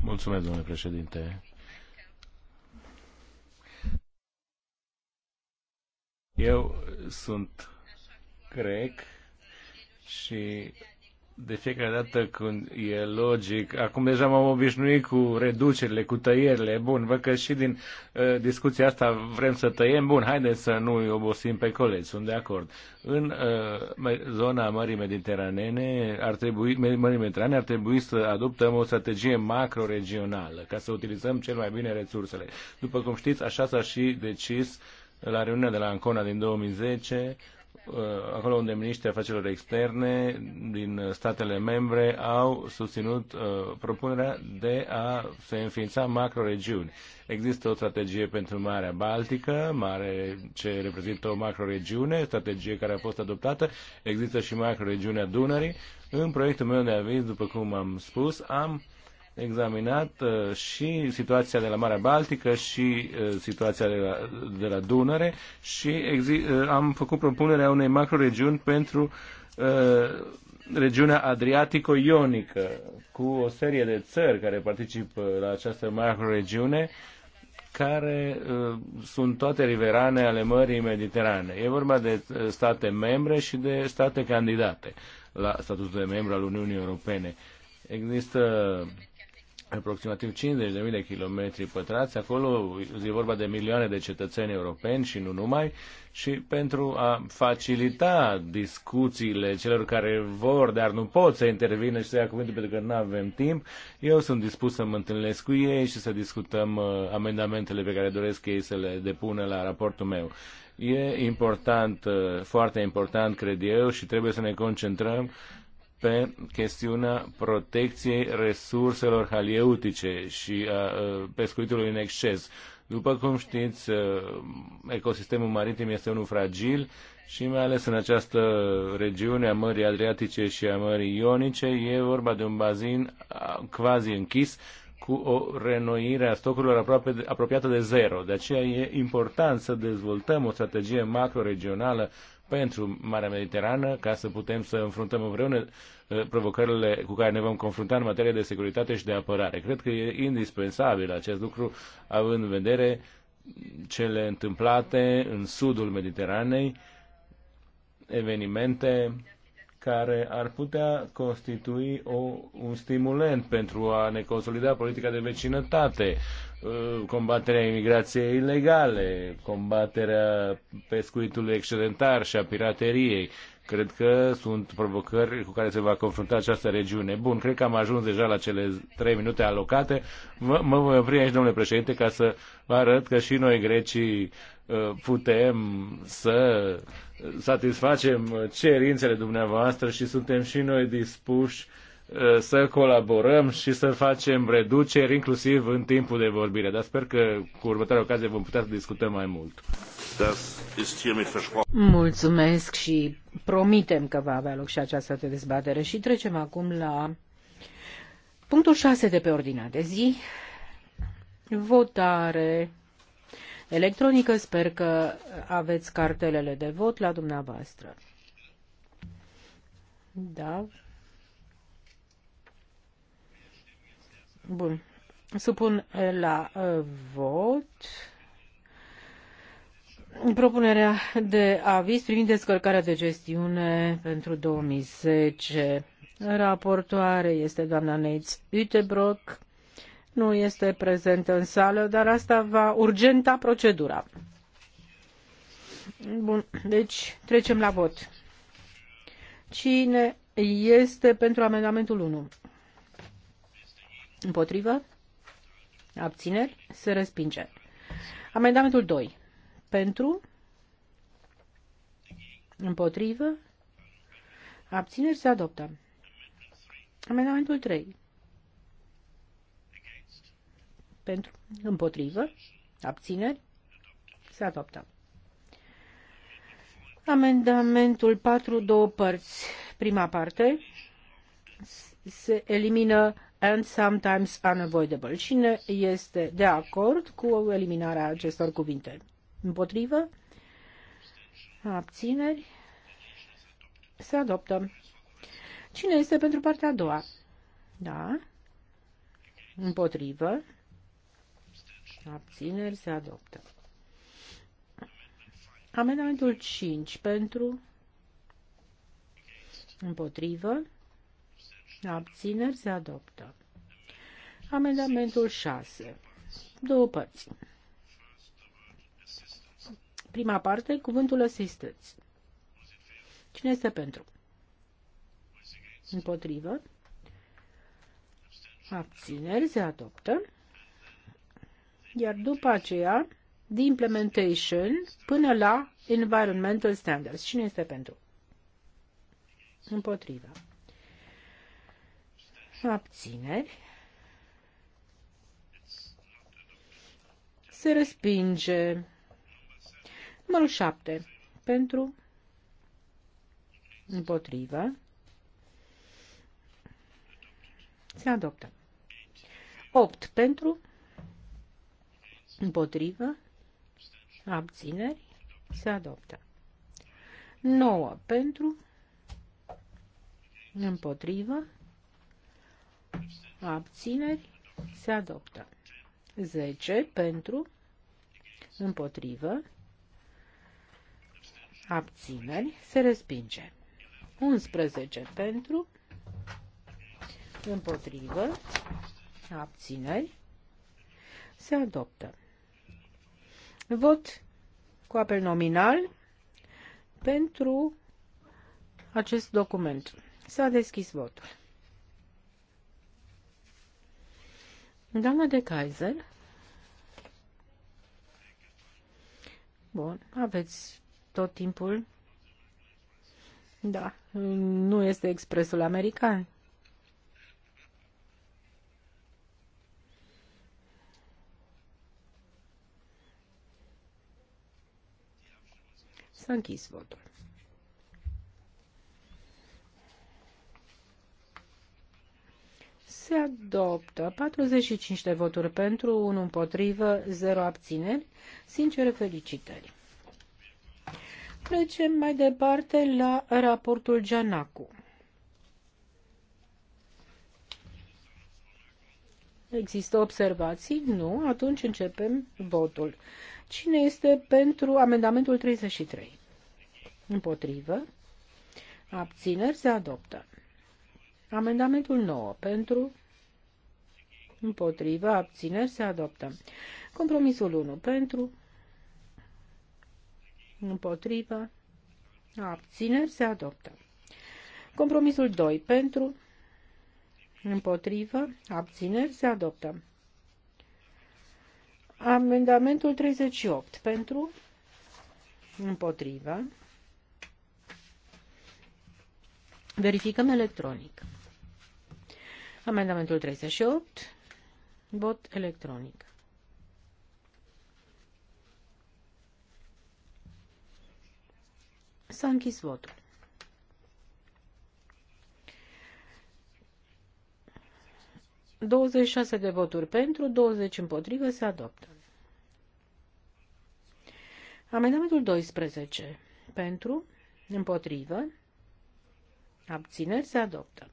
Mulțumesc, domnule președinte. Eu sunt grec și de fiecare dată când e logic, acum deja m-am obișnuit cu reducerile, cu tăierile, bun, văd că și din uh, discuția asta vrem să tăiem, bun, haideți să nu îi obosim pe colegi, sunt de acord. În uh, zona Mării Mediteranene ar trebui, Mării Mediterane ar trebui să adoptăm o strategie macro-regională, ca să utilizăm cel mai bine resursele. După cum știți, așa s-a și decis la reuniunea de la Ancona din 2010, Uh, acolo unde miniștrii afacerilor externe din statele membre au susținut uh, propunerea de a se înființa macroregiuni. Există o strategie pentru Marea Baltică, mare ce reprezintă o macroregiune, strategie care a fost adoptată. Există și macroregiunea Dunării. În proiectul meu de aviz, după cum am spus, am examinat uh, și situația de la Marea Baltică și uh, situația de la, de la Dunăre și uh, am făcut propunerea unei macroregiuni pentru uh, regiunea Adriatico-Ionică cu o serie de țări care participă la această macroregiune care uh, sunt toate riverane ale Mării Mediterane. E vorba de state membre și de state candidate la statutul de membru al Uniunii Europene. Există uh, aproximativ 50.000 de kilometri pătrați. Acolo e vorba de milioane de cetățeni europeni și nu numai. Și pentru a facilita discuțiile celor care vor, dar nu pot să intervină și să ia cuvântul pentru că nu avem timp, eu sunt dispus să mă întâlnesc cu ei și să discutăm uh, amendamentele pe care doresc ei să le depună la raportul meu. E important, uh, foarte important, cred eu, și trebuie să ne concentrăm pe chestiunea protecției resurselor halieutice și a pescuitului în exces. După cum știți, ecosistemul maritim este unul fragil și mai ales în această regiune a Mării Adriatice și a Mării Ionice e vorba de un bazin quasi închis cu o renoire a stocurilor aproape, apropiată de zero. De aceea e important să dezvoltăm o strategie macroregională pentru Marea Mediterană ca să putem să înfruntăm împreună uh, provocările cu care ne vom confrunta în materie de securitate și de apărare. Cred că e indispensabil acest lucru, având în vedere cele întâmplate în sudul Mediteranei, evenimente care ar putea constitui o, un stimulent pentru a ne consolida politica de vecinătate, Uh, combaterea imigrației ilegale, combaterea pescuitului excedentar și a pirateriei. Cred că sunt provocări cu care se va confrunta această regiune. Bun, cred că am ajuns deja la cele trei minute alocate. Mă, voi opri aici, domnule președinte, ca să vă arăt că și noi, grecii, uh, putem să satisfacem cerințele dumneavoastră și suntem și noi dispuși uh, Uh, să colaborăm și să facem reduceri, inclusiv în timpul de vorbire. Dar sper că cu următoarea ocazie vom putea să discutăm mai mult. Mulțumesc și promitem că va avea loc și această dezbatere. Și trecem acum la punctul 6 de pe ordinea de zi. Votare electronică. Sper că aveți cartelele de vot la dumneavoastră. Da, Bun. Supun la uh, vot propunerea de aviz privind descărcarea de gestiune pentru 2010. Raportoare este doamna Neitz Utebrock. Nu este prezentă în sală, dar asta va urgenta procedura. Bun, deci trecem la vot. Cine este pentru amendamentul 1? Împotrivă? Abțineri? Se respinge. Amendamentul 2. Pentru? Împotrivă? Abțineri? Se adoptă. Amendamentul 3. Pentru? Împotrivă? Abțineri? Se adoptă. Amendamentul 4, două părți. Prima parte se elimină and sometimes unavoidable. Cine este de acord cu eliminarea acestor cuvinte? Împotrivă? Abțineri? Se adoptă. Cine este pentru partea a doua? Da. Împotrivă? Abțineri? Se adoptă. Amendamentul 5 pentru împotrivă Abțineri se adoptă. Amendamentul 6. Două părți. Prima parte, cuvântul asistăți. Cine este pentru? Împotrivă. Abțineri se adoptă. Iar după aceea, de implementation până la environmental standards. Cine este pentru? Împotriva abțineri, se respinge. Numărul 7. Pentru, împotrivă, se adoptă. 8. Pentru, împotrivă, abțineri, se adoptă. 9. Pentru, împotrivă, abțineri, se adoptă. 10 pentru, împotrivă, abțineri, se respinge. 11 pentru, împotrivă, abțineri, se adoptă. Vot cu apel nominal pentru acest document. S-a deschis votul. Doamna de Kaiser. Bun, aveți tot timpul. Da, nu este expresul american. S-a închis votul. se adoptă 45 de voturi pentru, 1 împotrivă, 0 abțineri. Sincere felicitări! Trecem mai departe la raportul Gianacu. Există observații? Nu. Atunci începem votul. Cine este pentru amendamentul 33? Împotrivă. Abțineri se adoptă. Amendamentul 9 pentru, împotrivă, abțineri, se adoptă. Compromisul 1 pentru, împotrivă, abțineri, se adoptă. Compromisul 2 pentru, împotrivă, abțineri, se adoptă. Amendamentul 38 pentru, împotrivă, verificăm electronic. Amendamentul 38. Vot electronic. S-a închis votul. Douăzeci șase de voturi pentru, douăzeci împotrivă, se adoptă. Amendamentul 12. Pentru, împotrivă, abțineri, se adoptă.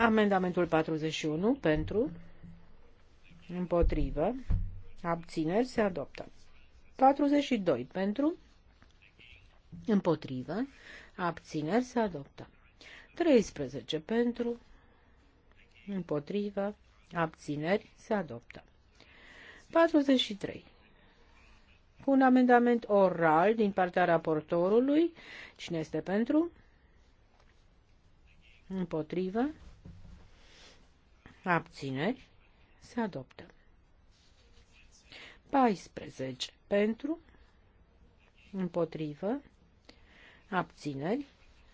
Amendamentul 41 pentru, împotrivă, abțineri se adoptă. 42 pentru, împotrivă, abțineri se adoptă. 13 pentru, împotrivă, abțineri se adoptă. 43 cu un amendament oral din partea raportorului. Cine este pentru? Împotrivă? abțineri, se adoptă. 14 pentru, împotrivă, abțineri,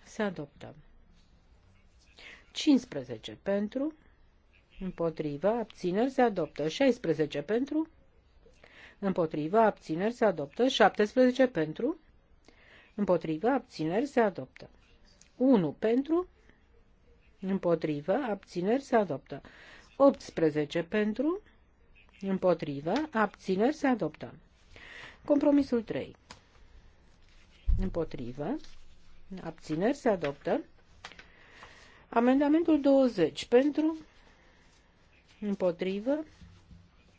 se adoptă. 15 pentru, împotrivă, abțineri, se adoptă. 16 pentru, împotrivă, abțineri, se adoptă. 17 pentru, împotrivă, abțineri, se adoptă. 1 pentru, împotrivă, abțineri se adoptă. 18 pentru, împotrivă, abțineri se adoptă. Compromisul 3. Împotrivă, abțineri se adoptă. Amendamentul 20 pentru, împotrivă,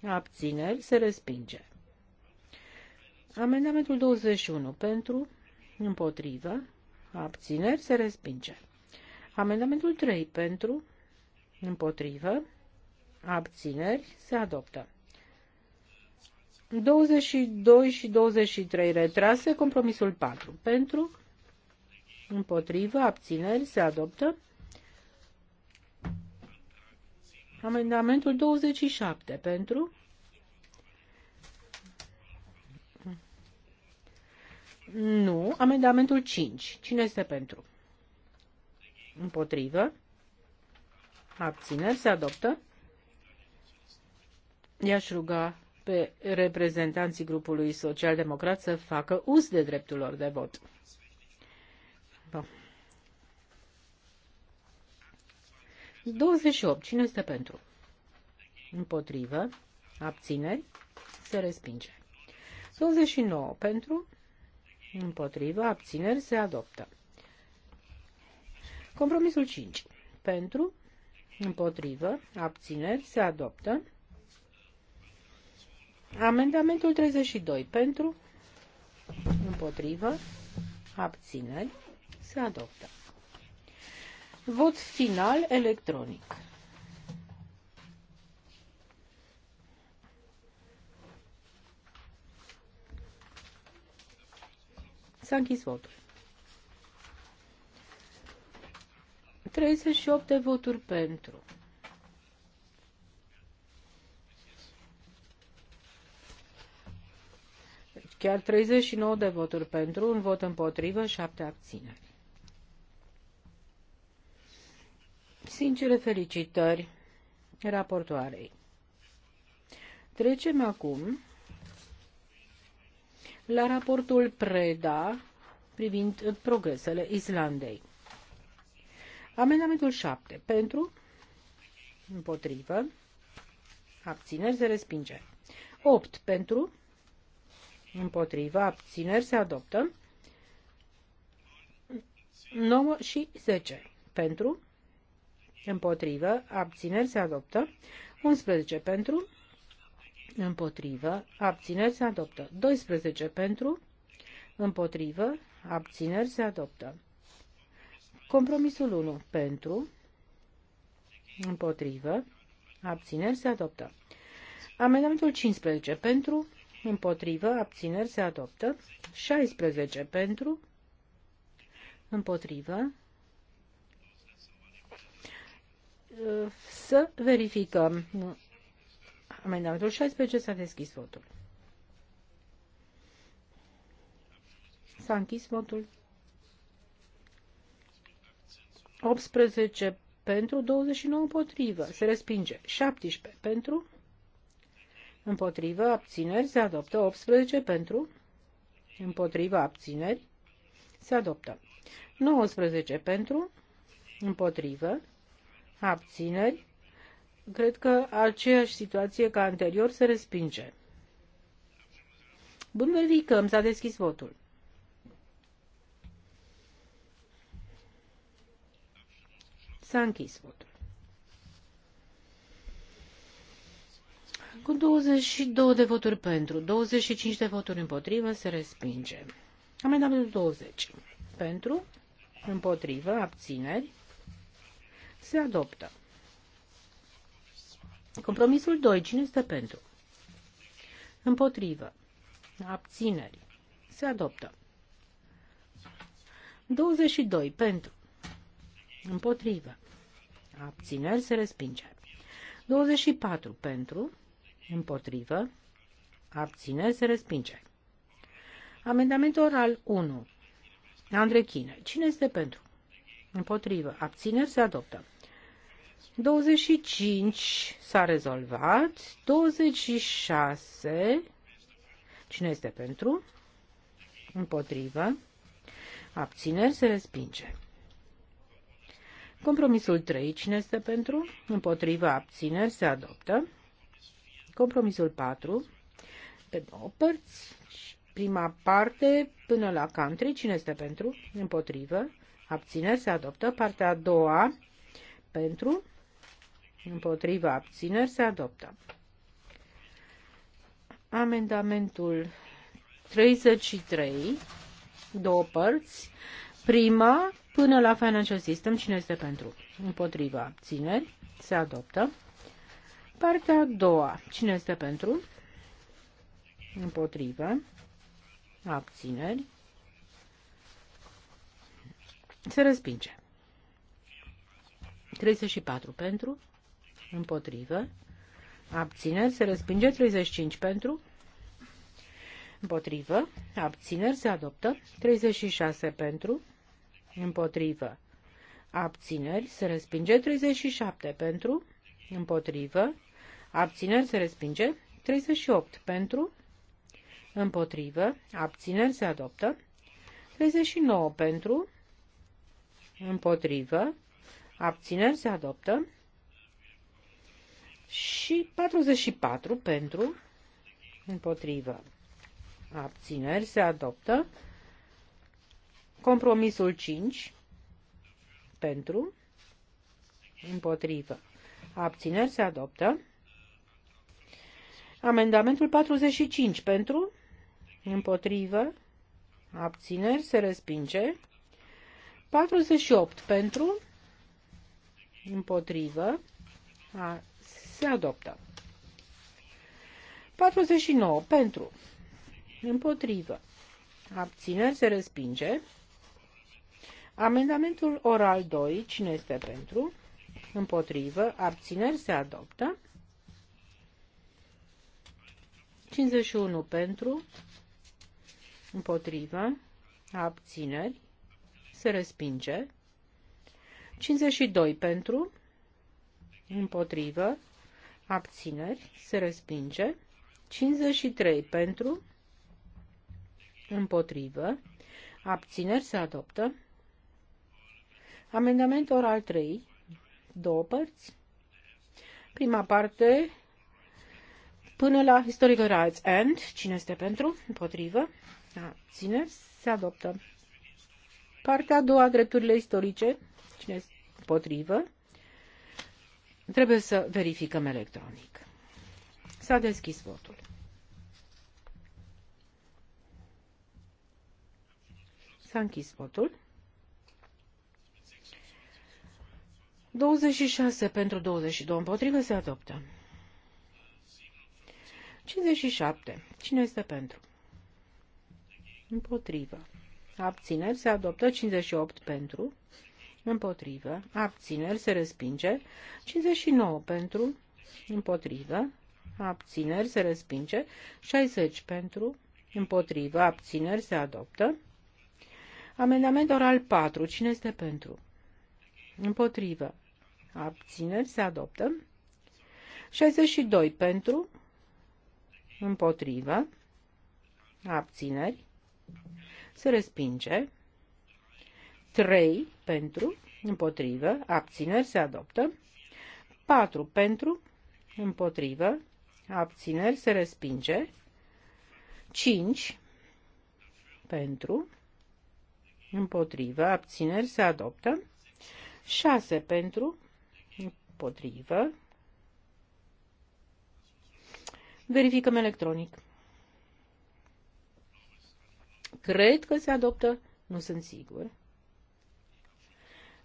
abțineri se respinge. Amendamentul 21 pentru, împotrivă, abțineri se respinge. Amendamentul 3 pentru, împotrivă, abțineri, se adoptă. 22 și 23 retrase, compromisul 4 pentru, împotrivă, abțineri, se adoptă. Amendamentul 27 pentru, nu, amendamentul 5. Cine este pentru? Împotrivă. Abțineri. Se adoptă. I-aș ruga pe reprezentanții grupului social-democrat să facă uz de dreptul lor de vot. Bun. 28. Cine este pentru? Împotrivă. Abțineri. Se respinge. 29. Pentru. Împotrivă. Abțineri. Se adoptă. Compromisul 5. Pentru, împotrivă, abțineri, se adoptă. Amendamentul 32. Pentru, împotrivă, abțineri, se adoptă. Vot final electronic. S-a închis votul. 38 de voturi pentru. Deci chiar 39 de voturi pentru, un vot împotrivă, 7 abțineri. Sincere felicitări raportoarei. Trecem acum la raportul Preda privind progresele Islandei. Amendamentul 7. Pentru, împotrivă, abțineri se respinge. 8. Pentru, împotrivă, abțineri se adoptă. 9 și 10. Pentru, împotrivă, abțineri se adoptă. 11 pentru, împotrivă, abțineri se adoptă. 12 pentru, împotrivă, abțineri se adoptă. Compromisul 1 pentru, împotrivă, abțineri se adoptă. Amendamentul 15 pentru, împotrivă, abțineri se adoptă. 16 pentru, împotrivă. Să verificăm. Amendamentul 16 s-a deschis votul. S-a închis votul. 18 pentru, 29 împotrivă. Se respinge. 17 pentru, împotrivă, abțineri. Se adoptă. 18 pentru, împotrivă, abțineri. Se adoptă. 19 pentru, împotrivă, abțineri. Cred că aceeași situație ca anterior se respinge. Bun, verificăm. S-a deschis votul. S-a închis votul. Cu 22 de voturi pentru, 25 de voturi împotrivă, se respinge. Amendamentul 20. Pentru, împotrivă, abțineri, se adoptă. Compromisul 2. Cine este pentru? Împotrivă. Abțineri. Se adoptă. 22. Pentru. Împotrivă. Abțineri se respinge. 24 pentru. Împotrivă. Abțineri se respinge. Amendament oral 1. Andrei Chine. Cine este pentru? Împotrivă. Abțineri se adoptă. 25 s-a rezolvat. 26. Cine este pentru? Împotrivă. Abțineri se respinge. Compromisul 3, cine este pentru? Împotriva abțineri se adoptă. Compromisul 4, pe două părți, prima parte până la country, cine este pentru? Împotrivă, abțineri se adoptă. Partea a doua, pentru, împotriva abțineri se adoptă. Amendamentul 33, două părți, prima până la Financial System. Cine este pentru? Împotriva țineri, Se adoptă. Partea a doua. Cine este pentru? Împotrivă. Abțineri. Se respinge. 34 pentru. Împotrivă. Abțineri. Se respinge. 35 pentru. Împotrivă. Abțineri. Se adoptă. 36 pentru împotrivă, abțineri, se respinge. 37 pentru, împotrivă, abțineri, se respinge. 38 pentru, împotrivă, abțineri, se adoptă. 39 pentru, împotrivă, abțineri, se adoptă. Și 44 pentru, împotrivă, abțineri, se adoptă. Compromisul 5 pentru, împotrivă, abțineri se adoptă. Amendamentul 45 pentru, împotrivă, abțineri se respinge. 48 pentru, împotrivă, a, se adoptă. 49 pentru, împotrivă, abțineri se respinge. Amendamentul oral 2, cine este pentru? Împotrivă, abțineri se adoptă. 51 pentru, împotrivă, abțineri, se respinge. 52 pentru, împotrivă, abțineri, se respinge. 53 pentru, împotrivă, abțineri, se adoptă. Amendament oral 3, două părți. Prima parte, până la Historical Rights End, cine este pentru, împotrivă, ține, se adoptă. Partea a doua, drepturile istorice, cine este împotrivă, trebuie să verificăm electronic. S-a deschis votul. S-a închis votul. 26 pentru 22 împotrivă se adoptă. 57. Cine este pentru? Împotrivă. Abțineri se adoptă 58 pentru. Împotrivă. Abțineri se respinge 59 pentru. Împotrivă. Abțineri se respinge 60 pentru. Împotrivă. Abțineri se adoptă. Amendament oral 4. Cine este pentru? Împotrivă. Abțineri se adoptă. 62 pentru. Împotrivă. Abțineri. Se respinge. 3 pentru. Împotrivă. Abțineri se adoptă. 4 pentru. Împotrivă. Abțineri se respinge. 5 pentru. Împotrivă. Abțineri se adoptă. 6 pentru, împotrivă. Verificăm electronic. Cred că se adoptă, nu sunt sigur.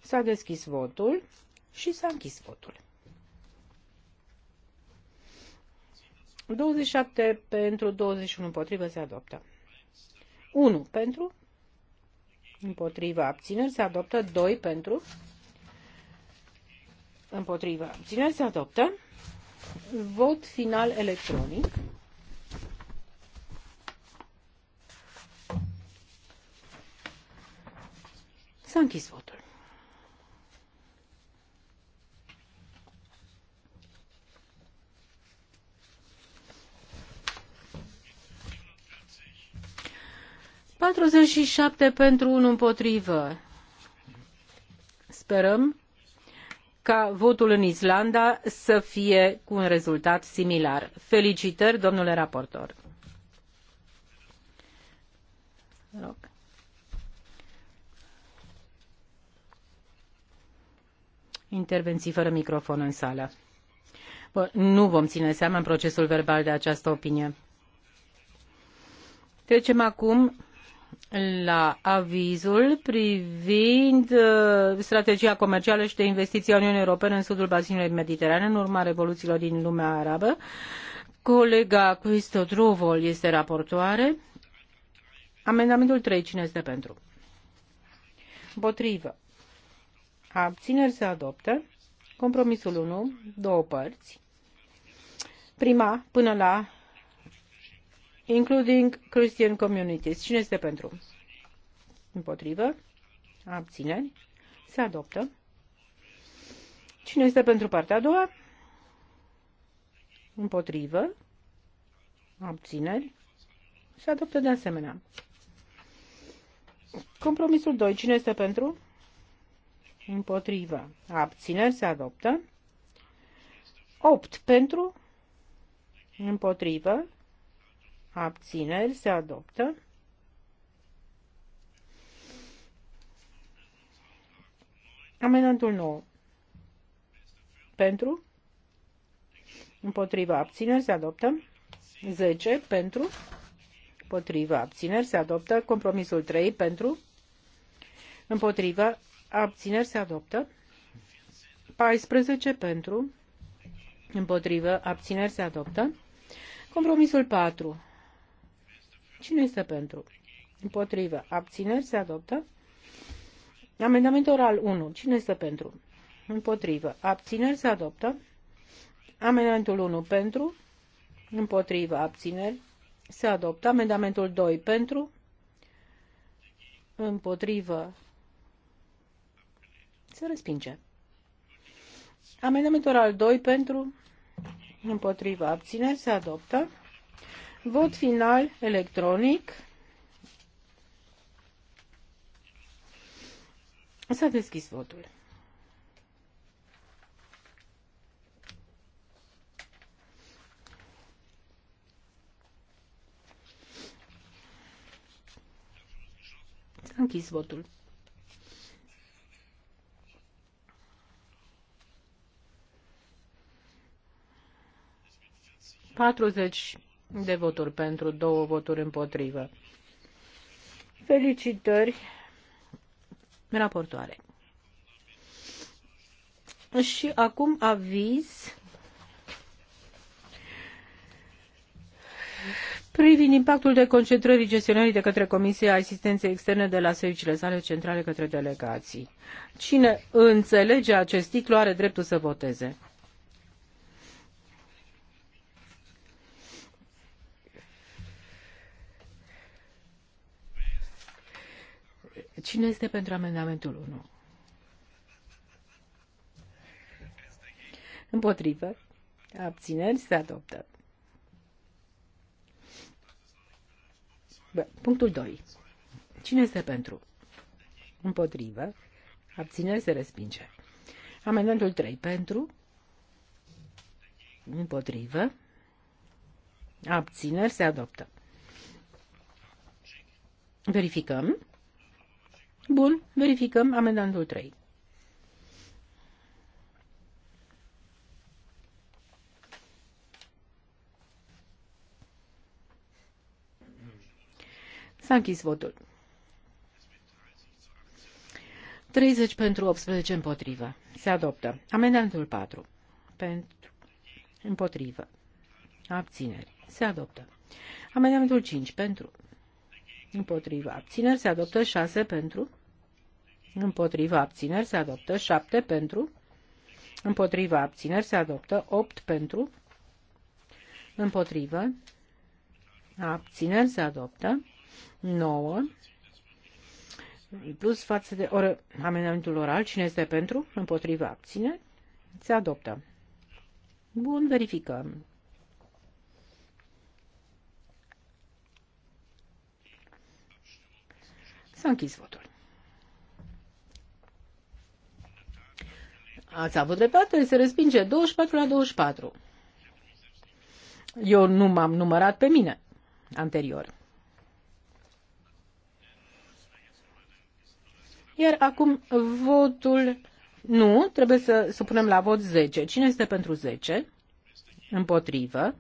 S-a deschis votul și s-a închis votul. 27 pentru, 21 împotrivă se adoptă. 1 pentru, împotrivă abțineri se adoptă, 2 pentru, Împotrivă. Abțineri se adoptă. Vot final electronic. S-a închis votul. Patruzeci și șapte pentru un împotrivă. Sperăm ca votul în Islanda să fie cu un rezultat similar. Felicitări, domnule raportor. Intervenții fără microfon în sală. Bă, nu vom ține seama în procesul verbal de această opinie. Trecem acum la avizul privind uh, strategia comercială și de investiții a Uniunii Europene în sudul bazinului mediterane în urma revoluțiilor din lumea arabă. Colega Cristo Truvol este raportoare. Amendamentul 3. Cine este pentru? Potrivă. Abțineri se adoptă. Compromisul 1. Două părți. Prima până la including Christian communities. Cine este pentru? Împotrivă? Abțineri? Se adoptă. Cine este pentru partea a doua? Împotrivă? Abțineri? Se adoptă de asemenea. Compromisul 2. Cine este pentru? Împotrivă. Abțineri se adoptă. 8. Pentru? Împotrivă abțineri, se adoptă. Amendamentul 9. Pentru, împotriva, abțineri, se adoptă. 10 pentru, împotriva, abțineri, se adoptă. Compromisul 3 pentru, împotriva, abțineri, se adoptă. 14 pentru, împotriva abțineri se adoptă. Compromisul 4 Cine este pentru? Împotrivă. Abțineri se adoptă. Amendament oral 1. Cine este pentru? Împotrivă. Abțineri se adoptă. Amendamentul 1 pentru. Împotrivă. Abțineri se adoptă. Amendamentul 2 pentru. Împotrivă. Se respinge. Amendamentul al 2 pentru. Împotrivă. Abțineri se adoptă. Vot final electronic. S-a deschis votul. S-a închis votul. patruzeci de voturi pentru, două voturi împotrivă. Felicitări, raportoare. Și acum aviz privind impactul de concentrării gestionării de către Comisia Asistenței Externe de la serviciile sale centrale către delegații. Cine înțelege acest titlu are dreptul să voteze. Cine este pentru amendamentul 1? Împotrivă. Abțineri se adoptă. Bă, punctul 2. Cine este pentru? Împotrivă. Abțineri se respinge. Amendamentul 3. Pentru. Împotrivă. Abțineri se adoptă. Verificăm. Bun, verificăm amendamentul 3. S-a închis votul. 30 pentru 18 împotrivă. Se adoptă. Amendamentul 4. Pentru împotrivă. Abțineri. Se adoptă. Amendamentul 5 pentru împotriva abțineri se adoptă 6 pentru, împotriva abțineri se adoptă 7 pentru, împotriva abțineri se adoptă 8 pentru, împotriva abțineri se adoptă 9 plus față de or, amendamentul oral, cine este pentru, împotriva abțineri, se adoptă. Bun, verificăm. S-a închis votul. Ați avut dreptate, se respinge 24 la 24. Eu nu m-am numărat pe mine anterior. Iar acum votul nu, trebuie să supunem la vot 10. Cine este pentru 10? Împotrivă.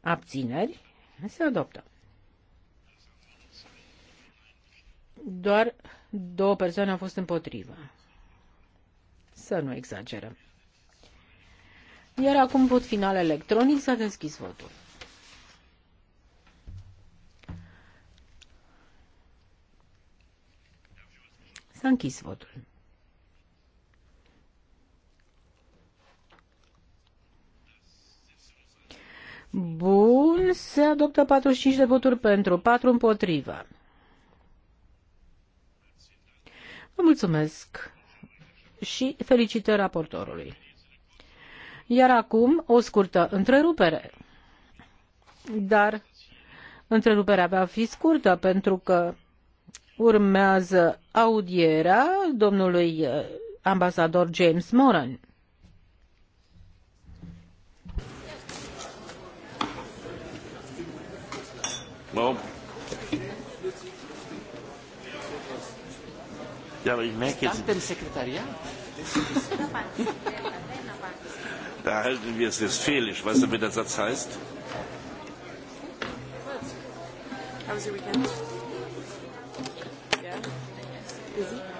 Abțineri. Se adoptă. doar două persoane au fost împotrivă. Să nu exagerăm. Iar acum vot final electronic, s-a deschis votul. S-a închis votul. Bun, se adoptă 45 de voturi pentru, 4 împotriva. Vă mulțumesc și felicitări raportorului. Iar acum o scurtă întrerupere. Dar întreruperea va fi scurtă pentru că urmează audierea domnului uh, ambasador James Moran. Well, Ja, aber ich merke jetzt. Dank dem Sekretariat. da halten wir es westfälisch. Weißt du, wie der Satz heißt? How was your weekend? Yeah. Busy?